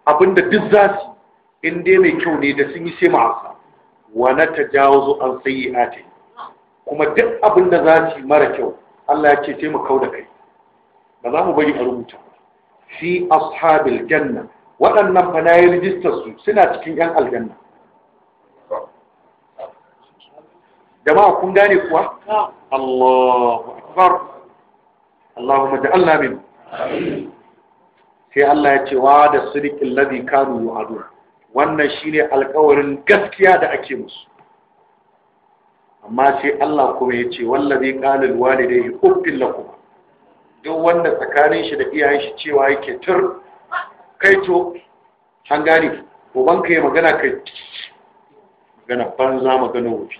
abinda duk za su in dai mai kyau ne da sun yi sai ma'asa wa na tajawazu an ati kuma duk abin da za su yi mara kyau Allah ya ce taimakau da kai ba za mu bari a rubuta fi ashabil janna waɗannan fa na yi rijistar su suna cikin yan aljanna jama'a kun gane kuwa Allahu akbar Allahumma ja'alna min sai Allah ya ce wa da sirikin ladhi kanu yu'adun wannan shine alƙawarin gaskiya da ake musu amma sai Allah kuma ya ce wallazi qalil alwalidayhi uffil lakum duk wanda tsakanin shi da iyayen shi cewa yake tur kai to an gane uban ka yi magana kai magana banza magana wufi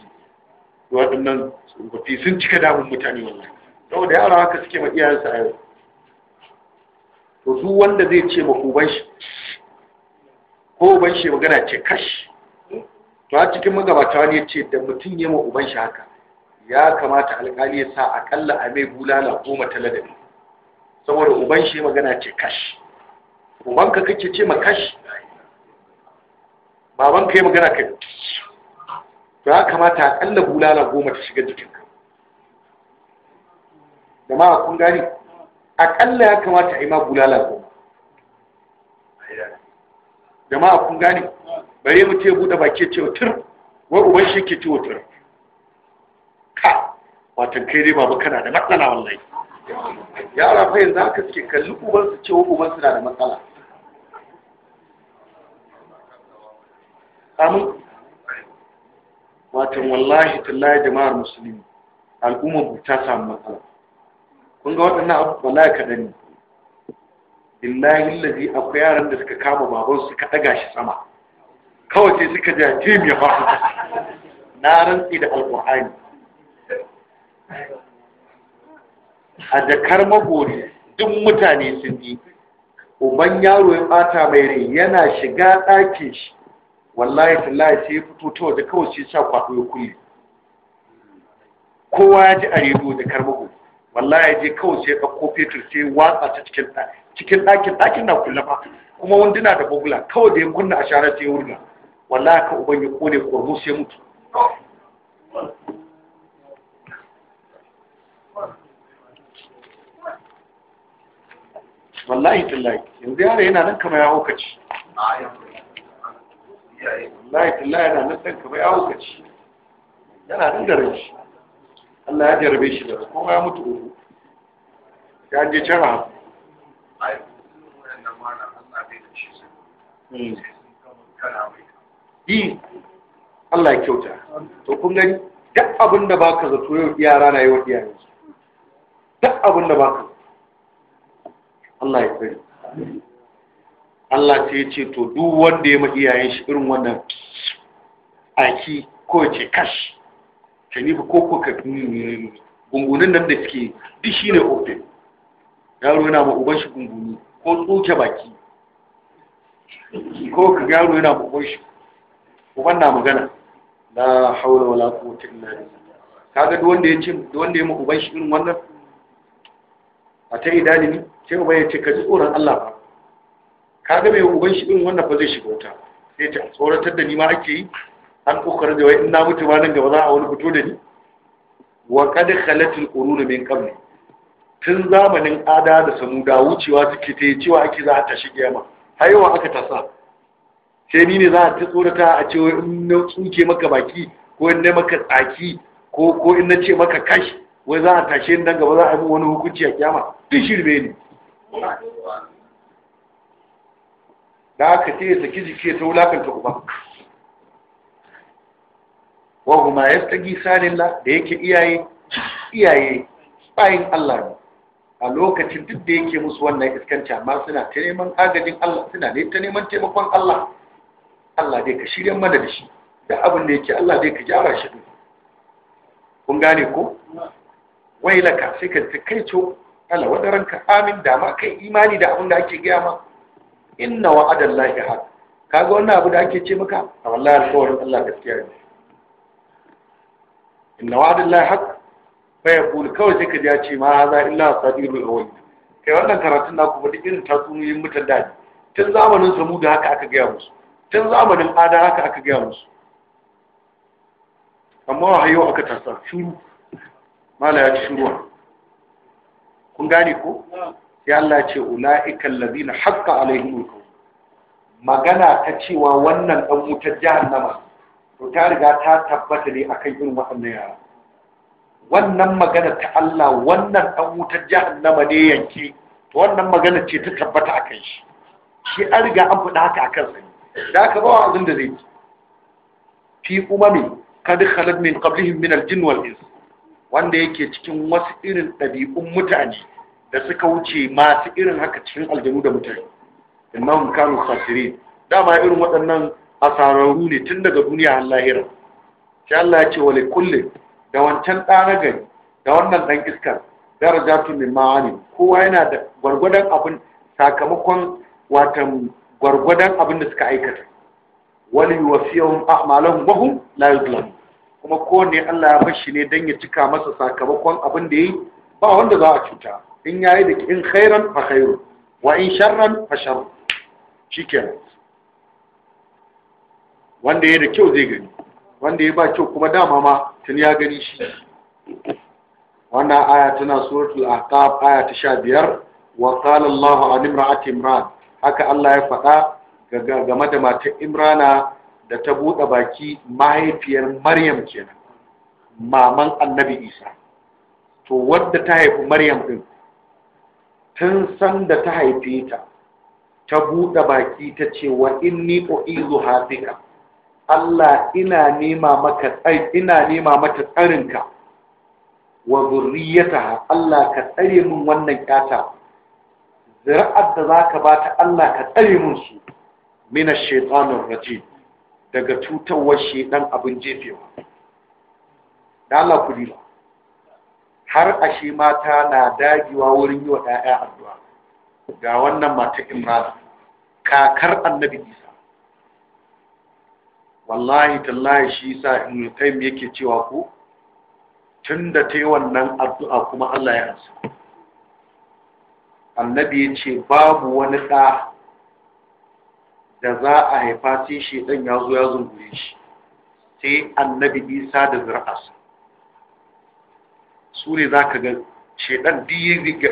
waɗannan wufi sun cika damun mutane wallahi da yara haka suke ma iyayen a yau to duk wanda zai ce ma uban shi ko uban shi magana ce kashi to a cikin magabata wani ya ce da mutum ya ma uban shi haka ya kamata alkali ya sa akalla a mai bulala goma ta ladabi saboda uban shi magana ce kash ubanka kake ce ma kash babanka yi magana kai to ya kamata akalla bulala goma ta shiga jikinka jama'a kun gani akalla ya kamata a yi ma bulala goma jama'a kun gani bare mu ce bude baki ce tur wai uban shi ke ci tur ka watan kai dai babu kana da matsala wallahi yara fa yanzu haka suke kalli uban su ce uban su na da matsala amin watan wallahi tallahi jama'ar musulmi al'umma mu ta samu matsala kun ga waɗannan abu wallahi ka dani billahi lazi akwai yaran da suka kama baban su ka ɗaga shi sama kawai sai suka jaje mai faru na rantsi da alƙur'ani a jakar magori duk mutane sun yi uban yaro ya bata mai rai yana shiga ɗakin shi wallahi tallahi sai ya fito ta waje kawai sai sa kwaɗo ya kulle kowa ya ji a rediyo da karmago wallahi ya je kawai sai ya ɗauko fetur sai ya watsa ta cikin ɗakin ɗakin na kulle ba kuma wanduna da bugula kawai da ya kunna a shara sai ya wurga wallahi ka uban ya kone kurmu sai mutu wallahi tallahi yanzu yare yana nan kama ya ci. wallahi tallahi yana nan kama ya ci. yana nan da rai Allah ya jarabe shi da kuma ya mutu uku ya je can ha ai wannan mana Allah bai da shi hmm. sai kana mai yi Allah ya kyauta to kun gani duk abin da baka zato yau rana yau yi wa iyayen duk abin da baka Allah ya tsare Allah sai ya ce to duk wanda ya ma iyayen shi irin wannan aiki ko ce kash ta ni ko ko ka gungunin nan da suke duk shi ne open yaro yana ma uban shi gunguni ko tsoke baki ko ka yaro yana ma uban shi uban na magana la haula wala quwwata illa billah kaga duk wanda ya ce duk wanda ya mu uban shi irin wannan a ta idalimi sai uban ya ce ka ji tsoron Allah ba kaga mai uban shi irin wannan ba zai shiga wuta sai ta tsoratar da ni ma ake yi an kokar da wai in na mutu ma nan gaba za a wani fito da ni wa qad khalatul qurun min qabli tun zamanin ada da da wucewa suke ta yi cewa ake za a tashi kiyama har yawa aka tasa sai ni ne za a ta tsorata a ce wai in na tsuke maka baki ko in na maka tsaki ko ko in na ce maka kashi, wai za a tashe ni nan gaba za a yi wani hukunci a kyama? duk shirme ne da aka ce ya saki jiki ta wulakanta uba wa huma yastagi sanilla da yake iyaye iyaye bayin Allah ne a lokacin duk da yake musu wannan iskanci amma suna ta neman agajin Allah suna ne ta neman taimakon Allah Allah dai ka shirya mana da shi da abin da yake Allah dai ka gyara shi din kun gane ko Wai laka sai ka ala wadaran ka amin da ma kai imani da abin da ake gaya ma inna wa'adallahi haq kaga wannan abu da ake ce maka a wallahi alƙawarin Allah gaskiya ne inna wa'adallahi haq fa yaqul kawai sai ka ji ya ce ma za illa sadirul awwal kai wannan karatun naku ba duk irin tatsuniyoyin mutan da tun zamanin samu da haka aka gaya musu tun zamanin ada haka aka gaya musu amma wahayo aka tasa shuru mala ya ci shuruwa kun gane ko ya Allah ce ula'ikal ladina haqqa alaihim al magana ta cewa wannan dan wutar jahannama to ta riga ta tabbata ne akan irin waɗannan yara wannan magana ta Allah wannan dan wutar jahannama ne yanke to wannan magana ce ta tabbata akan shi shi an riga an faɗa haka akan sa da aka ba wa'azin da zai fi umami ka khalad min min al-jinn wal ins wanda yake cikin wasu irin ɗabi'un mutane da suka wuce masu irin haka cikin aljanu da mutane innahum kanu khasirin dama irin waɗannan asararru ne tun daga duniya har lahira sai Allah ya ce wa da wancan ɗana gari da wannan ɗan iskar darajatu min ma'ani kowa yana da gwargwadon abin sakamakon watan gwargwadon abin da suka aikata wani wasiyahun a'malan wahum la yuzlam kuma kowane Allah ya bashi ne don ya cika masa sakamakon abin da yi ba wanda za a cuta in ya yi da in khairan fa khairu wa in sharran fa sharru shikenan wanda ya da kyau zai gani wanda ya ba kyau kuma dama ma tun ya gani shi wannan aya tana suratul ahqaf aya ta 15 wa qala Allahu an imra'ati imran haka Allah ya faɗa game da matar imrana da ta buɗe baki mahaifiyar maryam kenan maman annabi isa to wadda ta haifi maryam ɗin tun san da ta haife ta ta buɗe baki ta ce wa inni u'izu hafika Allah ina nema maka tsari ina nema mata tsarinka wa zurriyataha Allah ka tsare min wannan ƙyata zira'ar da za ka ba ta Allah ka tsare mun su mina shaitanin raji daga cutarwar shaidan abin jefewa da Allah ku ba har ashe mata na dagewa wurin yi wa ɗaya addu'a ga wannan mata imrana kakar annabi isa wallahi tallahi shi sa in yake cewa ku Tunda da ta yi wannan addu'a kuma Allah ya ansa annabi ya ce babu wani ɗa da za a haifa sai ɗan ya zo ya zungure shi sai annabi isa da zira'asa su ne za ka ga ɗan diye riga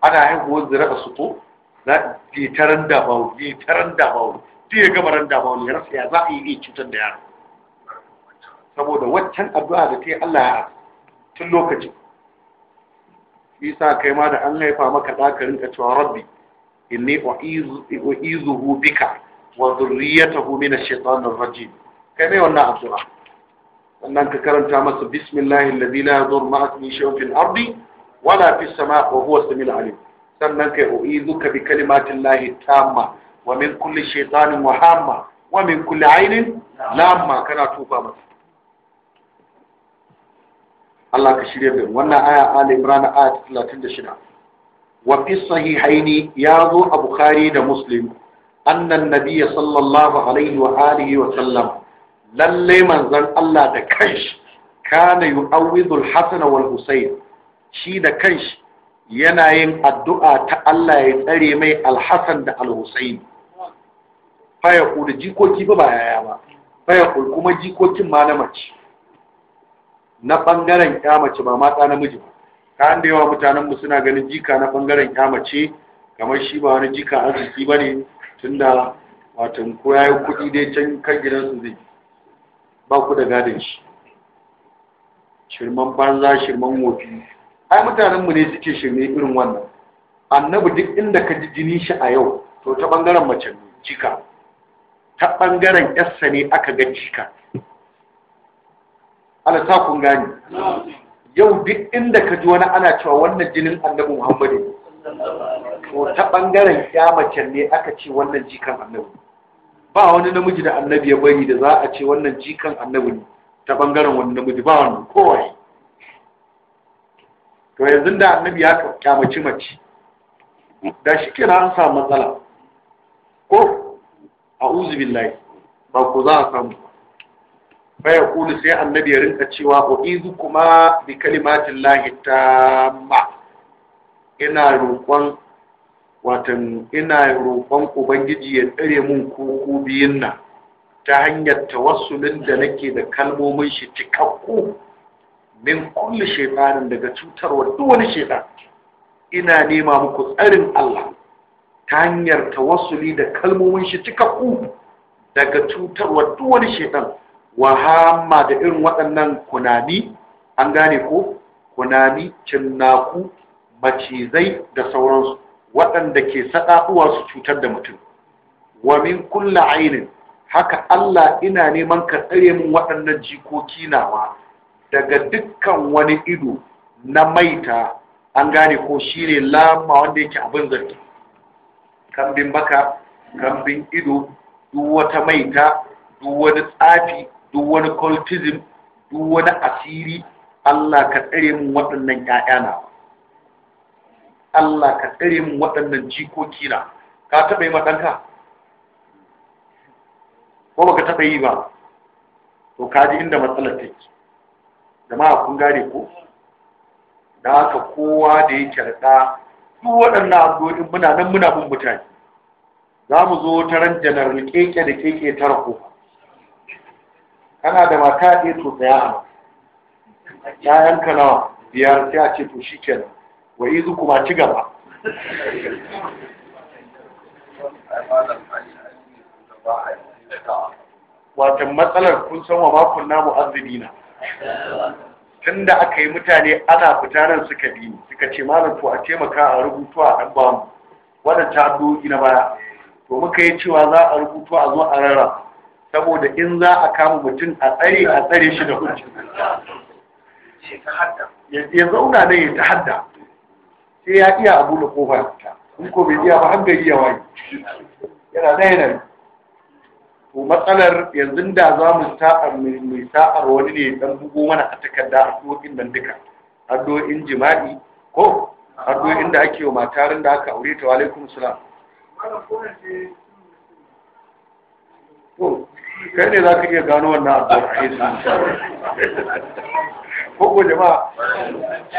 ana haihuwar su ko za a taran dabawu ne taran dabawu gama ran dabawu ne rasa ya za a yi iya cutar da yaro saboda waccan addu'a da ta yi allah ya tun lokacin shi sa kai ma da an haifa maka ɗakarin ka cewa rabbi inni u'izuhu bika wa dhurriyyatahu min ash-shaytanir rajim kai mai wannan addu'a sannan ka karanta masa bismillahi alladhi la yadur ma'a ismihi shay'un fil ardi wa la fis sama'i wa huwa 'alim sannan kai u'izuka bi kalimatillahi tamma wa min kulli shaytanin wa hamma wa min kulli 'ainin lamma kana tufa masa Allah ka shirya da wannan aya Ali Imran aya ta 36 wa fi sahihaini ya zo a Bukhari da Muslim annan nabiyya sallallahu alaihi wa alihi wa sallam lalle manzon Allah da kanshi kana yu'awwidul Hasan wal Husayn shi da kanshi yana yin addu'a ta Allah ya tsare mai al-Hasan da al-Husayn fa ya jikoki ba ba yaya ba fa ya kuma jikokin ma na mace na bangaren mace ba mata namiji ba an da yawa mutanen mu suna ganin jika na bangaren mace kamar shi ba wani jika arziki ba ne tunda watan ko ya yi kuɗi dai can kan gidansu zai ba ku da gadin shi shirman banza shirman wofi ai mutanenmu ne suke shirme irin wannan annabi duk inda ka ji jini shi a yau to ta bangaren mace jika ta bangaren yassa ne aka ga jika ala ta kun gani yau duk inda ka ji wani ana cewa wannan jinin annabi muhammadu to ta bangaren kyamacen ne aka ce wannan jikan annabi ba wani namiji da annabi ya bari da za a ce wannan jikan annabi ne ta bangaren wani namiji ba wani kowai to yanzu da annabi ya kyamaci mace da shi kira an samu matsala ko a uzubin ba ku za a samu baya kulu sai annabi ya rinka cewa izu kuma bi kalimatin lahi ma ina roƙon watan ina roƙon ubangiji ya tsare mun kuku biyun nan ta hanyar tawassulin da nake da kalmomin shi cikakku min kulli shaytanin daga cutarwa duk wani shaytan ina nema muku tsarin Allah ta hanyar tawassuli da kalmomin shi cikakku daga cutarwa duk wani shaytan wa hamma da irin waɗannan kunami an gane ko kunami cinnaku macizai da sauransu waɗanda ke saɗaɗuwa su cutar da mutum wa min kulla ainin haka Allah ina neman ka tsare min waɗannan jikoki nawa daga dukkan wani ido na maita an gane ko shi ne lama wanda yake abin zargi kambin baka kambin ido duk wata maita duk wani tsafi duk wani cultism duk wani asiri Allah ka tsare mu waɗannan na Allah ka tsare mu waɗannan jikoki na ka taɓa yi ma ɗanka ko baka taɓa yi ba to ka ji inda matsalar take jama'a kun gane ko da haka kowa da ya kyarɗa duk waɗannan abubuwan muna nan muna bin mutane za mu zo ta ran janar keke da keke ta rahoto. kana da mata ɗaya to tsaya a ƴaƴanka nawa biyar sai a ce to shi kenan wa izu kuma ci gaba watan matsalar kun san wa makon namu azumina tun da aka yi mutane ana fita nan suka bi suka ce malam to a taimaka a rubutu a ɗan bamu wadda ta doki na baya to muka yi cewa za a rubutu a zo a rarraba saboda in za a kama mutum a tsare a tsare shi da hujja ya zauna da ya tahadda hadda sai ya iya abu da kofar fita in ko bai iya ba har gari ya waye yana da yana to matsalar yanzu da za mu sa'ar mai sa'ar wani ne dan bugo mana a takarda a tsokin nan duka in jima'i ko addu'o'in da ake wa matarin da aka aure ta wa alaikum salam to kai ne za ka iya gano wannan addu'ar ko jama'a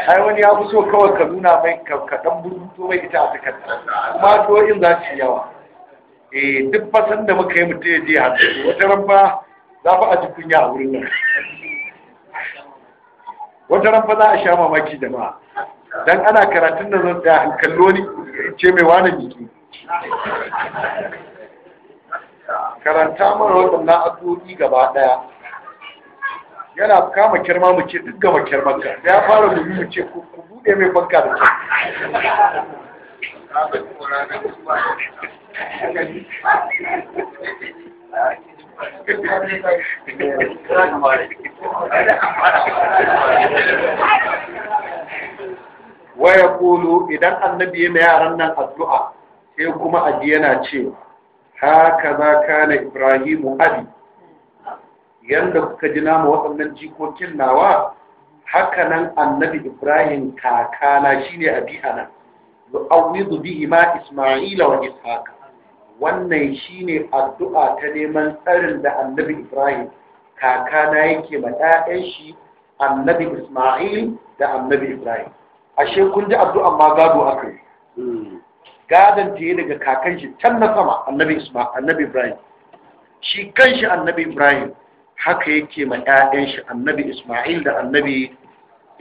ai wani ya fi so kawai ka nuna mai kaɗan burbuto mai ita a takarda kuma addu'o'in za su yawa eh duk fasan da muka yi mutum ya je hannu wata ramba za fa a ji kunya a wurin nan wata ramba za a sha mamaki jama'a dan ana karatun da zan tsaya kallo ce mai wani jiki. karanta mana waɗannan addu'o'i gaba ɗaya yana kama kirma mu ce duk gama kirmanka da ya fara mu mu ce ku buɗe mai banka da waya kulu idan annabi ya yaran nan addu'a sai kuma aji yana cewa haka za kana ibrahimu abi yanda kuka ji nama waɗannan jikokin nawa haka nan annabi ibrahim kakana shine abi anan yu'awwidu bihi ma isma'ila wa ishaqa wannan shine addu'a ta neman tsarin da annabi ibrahim kakana yake ma ɗayan shi annabi isma'il da annabi ibrahim ashe kun ji addu'an ma gado aka gadon ta daga kakan shi can na sama annabi isma annabi ibrahim shi kanshi annabi ibrahim haka yake ma 'ya'yan shi annabi isma'il da annabi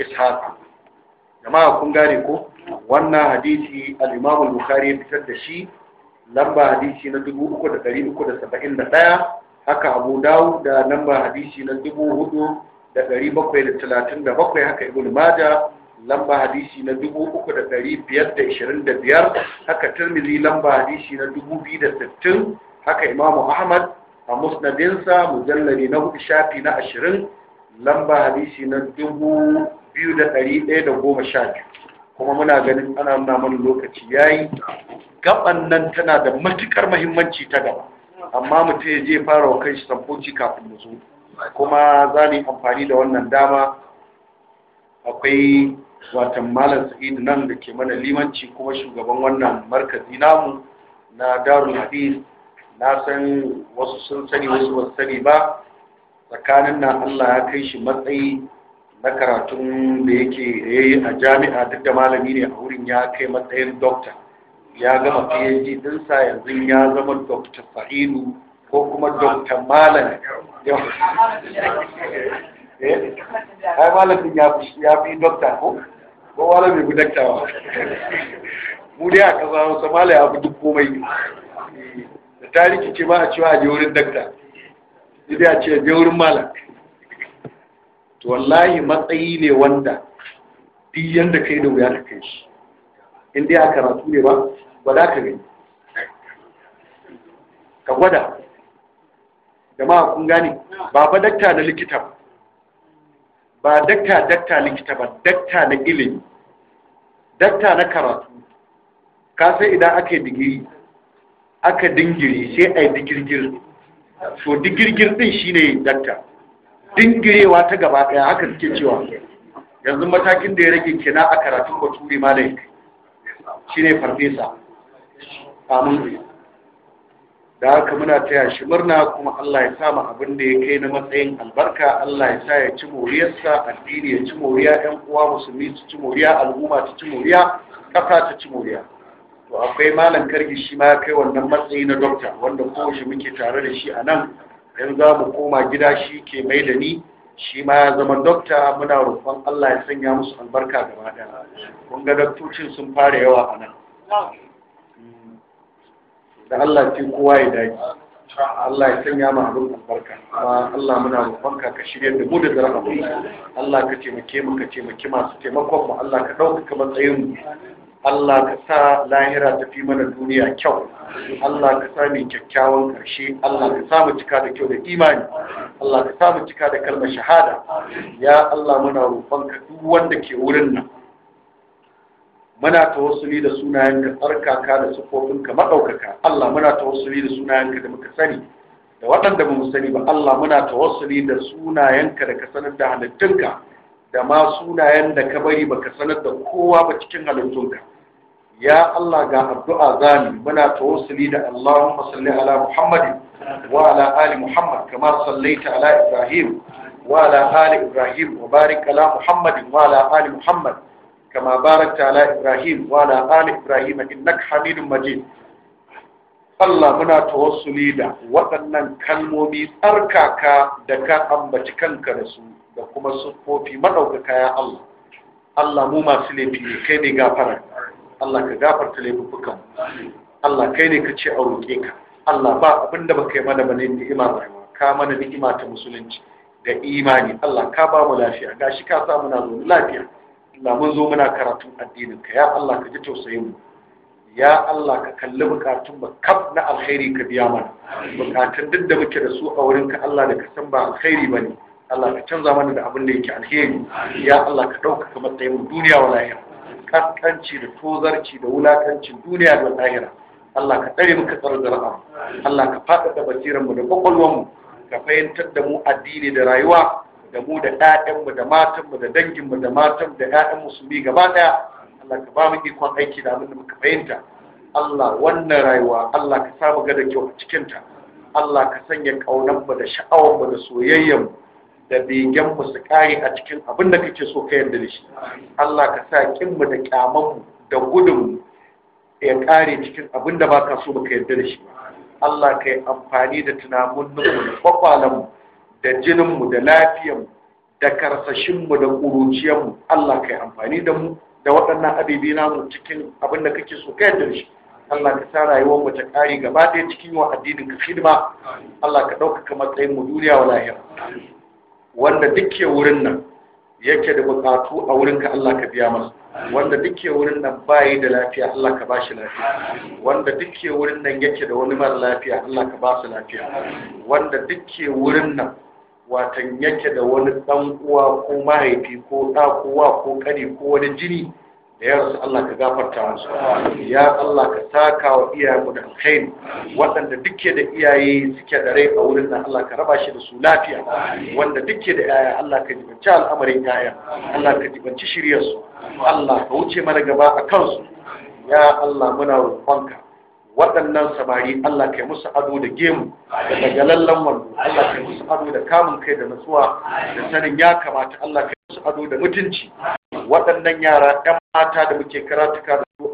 ishaq jama'a kun gane ko wannan hadisi al-imam al-bukhari ya fitar da shi lamba hadisi na 3371 haka abu dawud da lamba hadisi na 4737 haka ibn majah lamba hadisi na dubu uku da da da biyar ishirin biyar haka turmizi lamba hadisi na dubu biyu da sittin haka imamu ahmad a musnadinsa mujallari na hudu shafi na ashirin lamba hadisi na dubu biyu da ɗari ɗaya da goma sha biyu kuma muna ganin ana nuna mana lokaci ya yi gaban nan tana da matukar mahimmanci ta gaba amma mutum ya je fara wa kanshi samfoci kafin mu zo kuma za mu yi amfani da wannan dama akwai watan malam sa'idu nan da ke mana limanci kuma shugaban wannan markazi namu na darul hadis na san wasu sun sani wasu ba sani ba tsakanin na allah ya kai shi matsayi na karatun da yake yayi a jami'a duk da malami ne a wurin ya kai matsayin dokta ya gama phd sa yanzu ya zama dokta sa'idu ko kuma dokta malam eh? ai malamin ya fi dokta ko kowa da mai gudaktawa mu dai a kasa hausa mala ya fi duk komai da tarihi ce ma a cewa a je wurin dakta idai a ce je wurin malam to wallahi matsayi ne wanda duk da kai da wuya ka kai shi in ya karatu ne ba gwada ka gani ka gwada jama'a kun gane ba fa dakta da likita ba dakta dakta likita ba dakta na ilimi dakta na karatu ka sai idan aka digiri aka dingiri sai a yi digirgir so digirgir din shine dakta dingirewa ta gaba daya haka suke cewa yanzu matakin da ya rage kina a karatun bature malai shine farfesa amin da haka muna taya shi murna kuma Allah ya sa mu abin da ya kai na matsayin albarka Allah ya sa ya ci moriyarsa addini ya ci moriya ƴan uwa musulmi su ci moriya al'umma su ci moriya ƙasa ta ci moriya to akwai malam kargi shi ma ya kai wannan matsayi na dokta wanda ko shi muke tare da shi anan nan za mu koma gida shi ke mai da ni shi ma ya zama dokta muna roƙon Allah ya sanya musu albarka gaba ɗaya kun ga daktocin sun fara yawa a nan da Allah ce kowa ya dage Allah ya sanya mu abin albarka amma Allah muna roƙonka ka shirya da mu da zarafa Allah ka taimake mu ka taimake masu taimakon mu Allah ka ɗaukaka matsayin mu Allah ka sa lahira ta fi mana duniya kyau Allah ka sa mu kyakkyawan ƙarshe Allah ka sa mu cika da kyau da imani Allah ka sa mu cika da kalmar shahada ya Allah muna rubanka duk wanda ke wurin nan muna tawassuli da sunayen ka tsarkaka da sufofin ka Allah muna tawassuli da sunayen ka da muka sani da waɗanda bamu sani ba Allah muna tawassuli da sunayen ka da ka sanar da halittunka, ka da ma sunayen da ka bari baka sanar da kowa ba cikin halittun ka ya Allah ga addu'a zani muna tawassuli da Allahumma salli ala Muhammadin wa ala ali Muhammad kama sallaita ala Ibrahim wa ala ali Ibrahim wa barik ala Muhammadin wa ala ali Muhammad كما باركت على إبراهيم وعلى آل إبراهيم إنك حميد مجيد Allah muna tawassuli da waɗannan kalmomi tsarkaka da ka ambaci kanka da su da kuma siffofi maɗaukaka ya Allah. Allah mu masu laifi ne kai ne gafara. Allah ka gafarta laifukan. Allah kai ne ka ce a roƙe ka. Allah ba abin da baka yi mana ba ne ni'ima rayuwa. Ka mana ni'ima ta musulunci da imani. Allah ka ba mu lafiya. Gashi ka sa muna zo lafiya. Allah mun zo muna karatun addinin ka ya Allah ka ji tausayin mu ya Allah ka kalli bukatun mu kaf na alkhairi ka biya mana bukatun duk da muke da su a wurin ka Allah da ka san ba alkhairi bane Allah ka canza mana da abin da yake alheri ya Allah ka ɗaukaka matsayin mu duniya wa lahira kaskanci da tozarci da wulakancin duniya da lahira Allah ka tsare muka tsare zara'a Allah ka faɗaɗa mu da mu ka fahimtar da mu addini da rayuwa da mu da ƴaƴanmu da matanmu da danginmu da matan da ƴaƴan musulmi gaba ɗaya Allah ka ba mu ikon aiki da abin da muka fahimta Allah wannan rayuwa Allah ka sa mu ga kyau a cikin ta Allah ka sanya kaunar mu da sha'awar mu da soyayyar mu da begen mu su kare a cikin abin da kake so ka yarda da shi Allah ka sa kin mu da kyaman mu da gudun mu ya kare cikin abin da baka so baka yarda da shi Allah ka yi amfani da tunanin mu da kwakwalan mu da jininmu da lafiyanmu da karsashinmu da ƙuruciyarmu Allah ka yi amfani da mu da waɗannan abibi namu cikin abin da kake so ka yarda shi Allah ka sa rayuwar mu ta ƙari gaba ɗaya cikin yawan addinin ka hidima Allah ka ɗaukaka matsayin mu duniya wa lahira wanda duk ke wurin nan yake da buƙatu a wurin ka Allah ka biya masa wanda duk ke wurin nan bayi da lafiya Allah ka bashi lafiya wanda duk ke wurin nan yake da wani mara lafiya Allah ka ba su lafiya wanda duk ke wurin nan watan yake da wani ɗan uwa ko mahaifi ko ɗa ko ko ƙari ko wani jini da ya rasu Allah ka gafarta musu ya Allah ka saka wa mu da alkhairi waɗanda duke da iyaye suke da rai a wurin nan Allah ka raba shi da su lafiya wanda duke da yaya Allah ka jibanci al'amarin yaya Allah ka jibanci shiryarsu Allah ka wuce mana gaba a kansu ya Allah muna roƙonka waɗannan samari Allah kai musu ado da gemu da galallan wando Allah kai musu ado da kamun kai da natsuwa da sanin ya kamata Allah kai musu ado da mutunci waɗannan yara 'yan mata da muke karatuka da su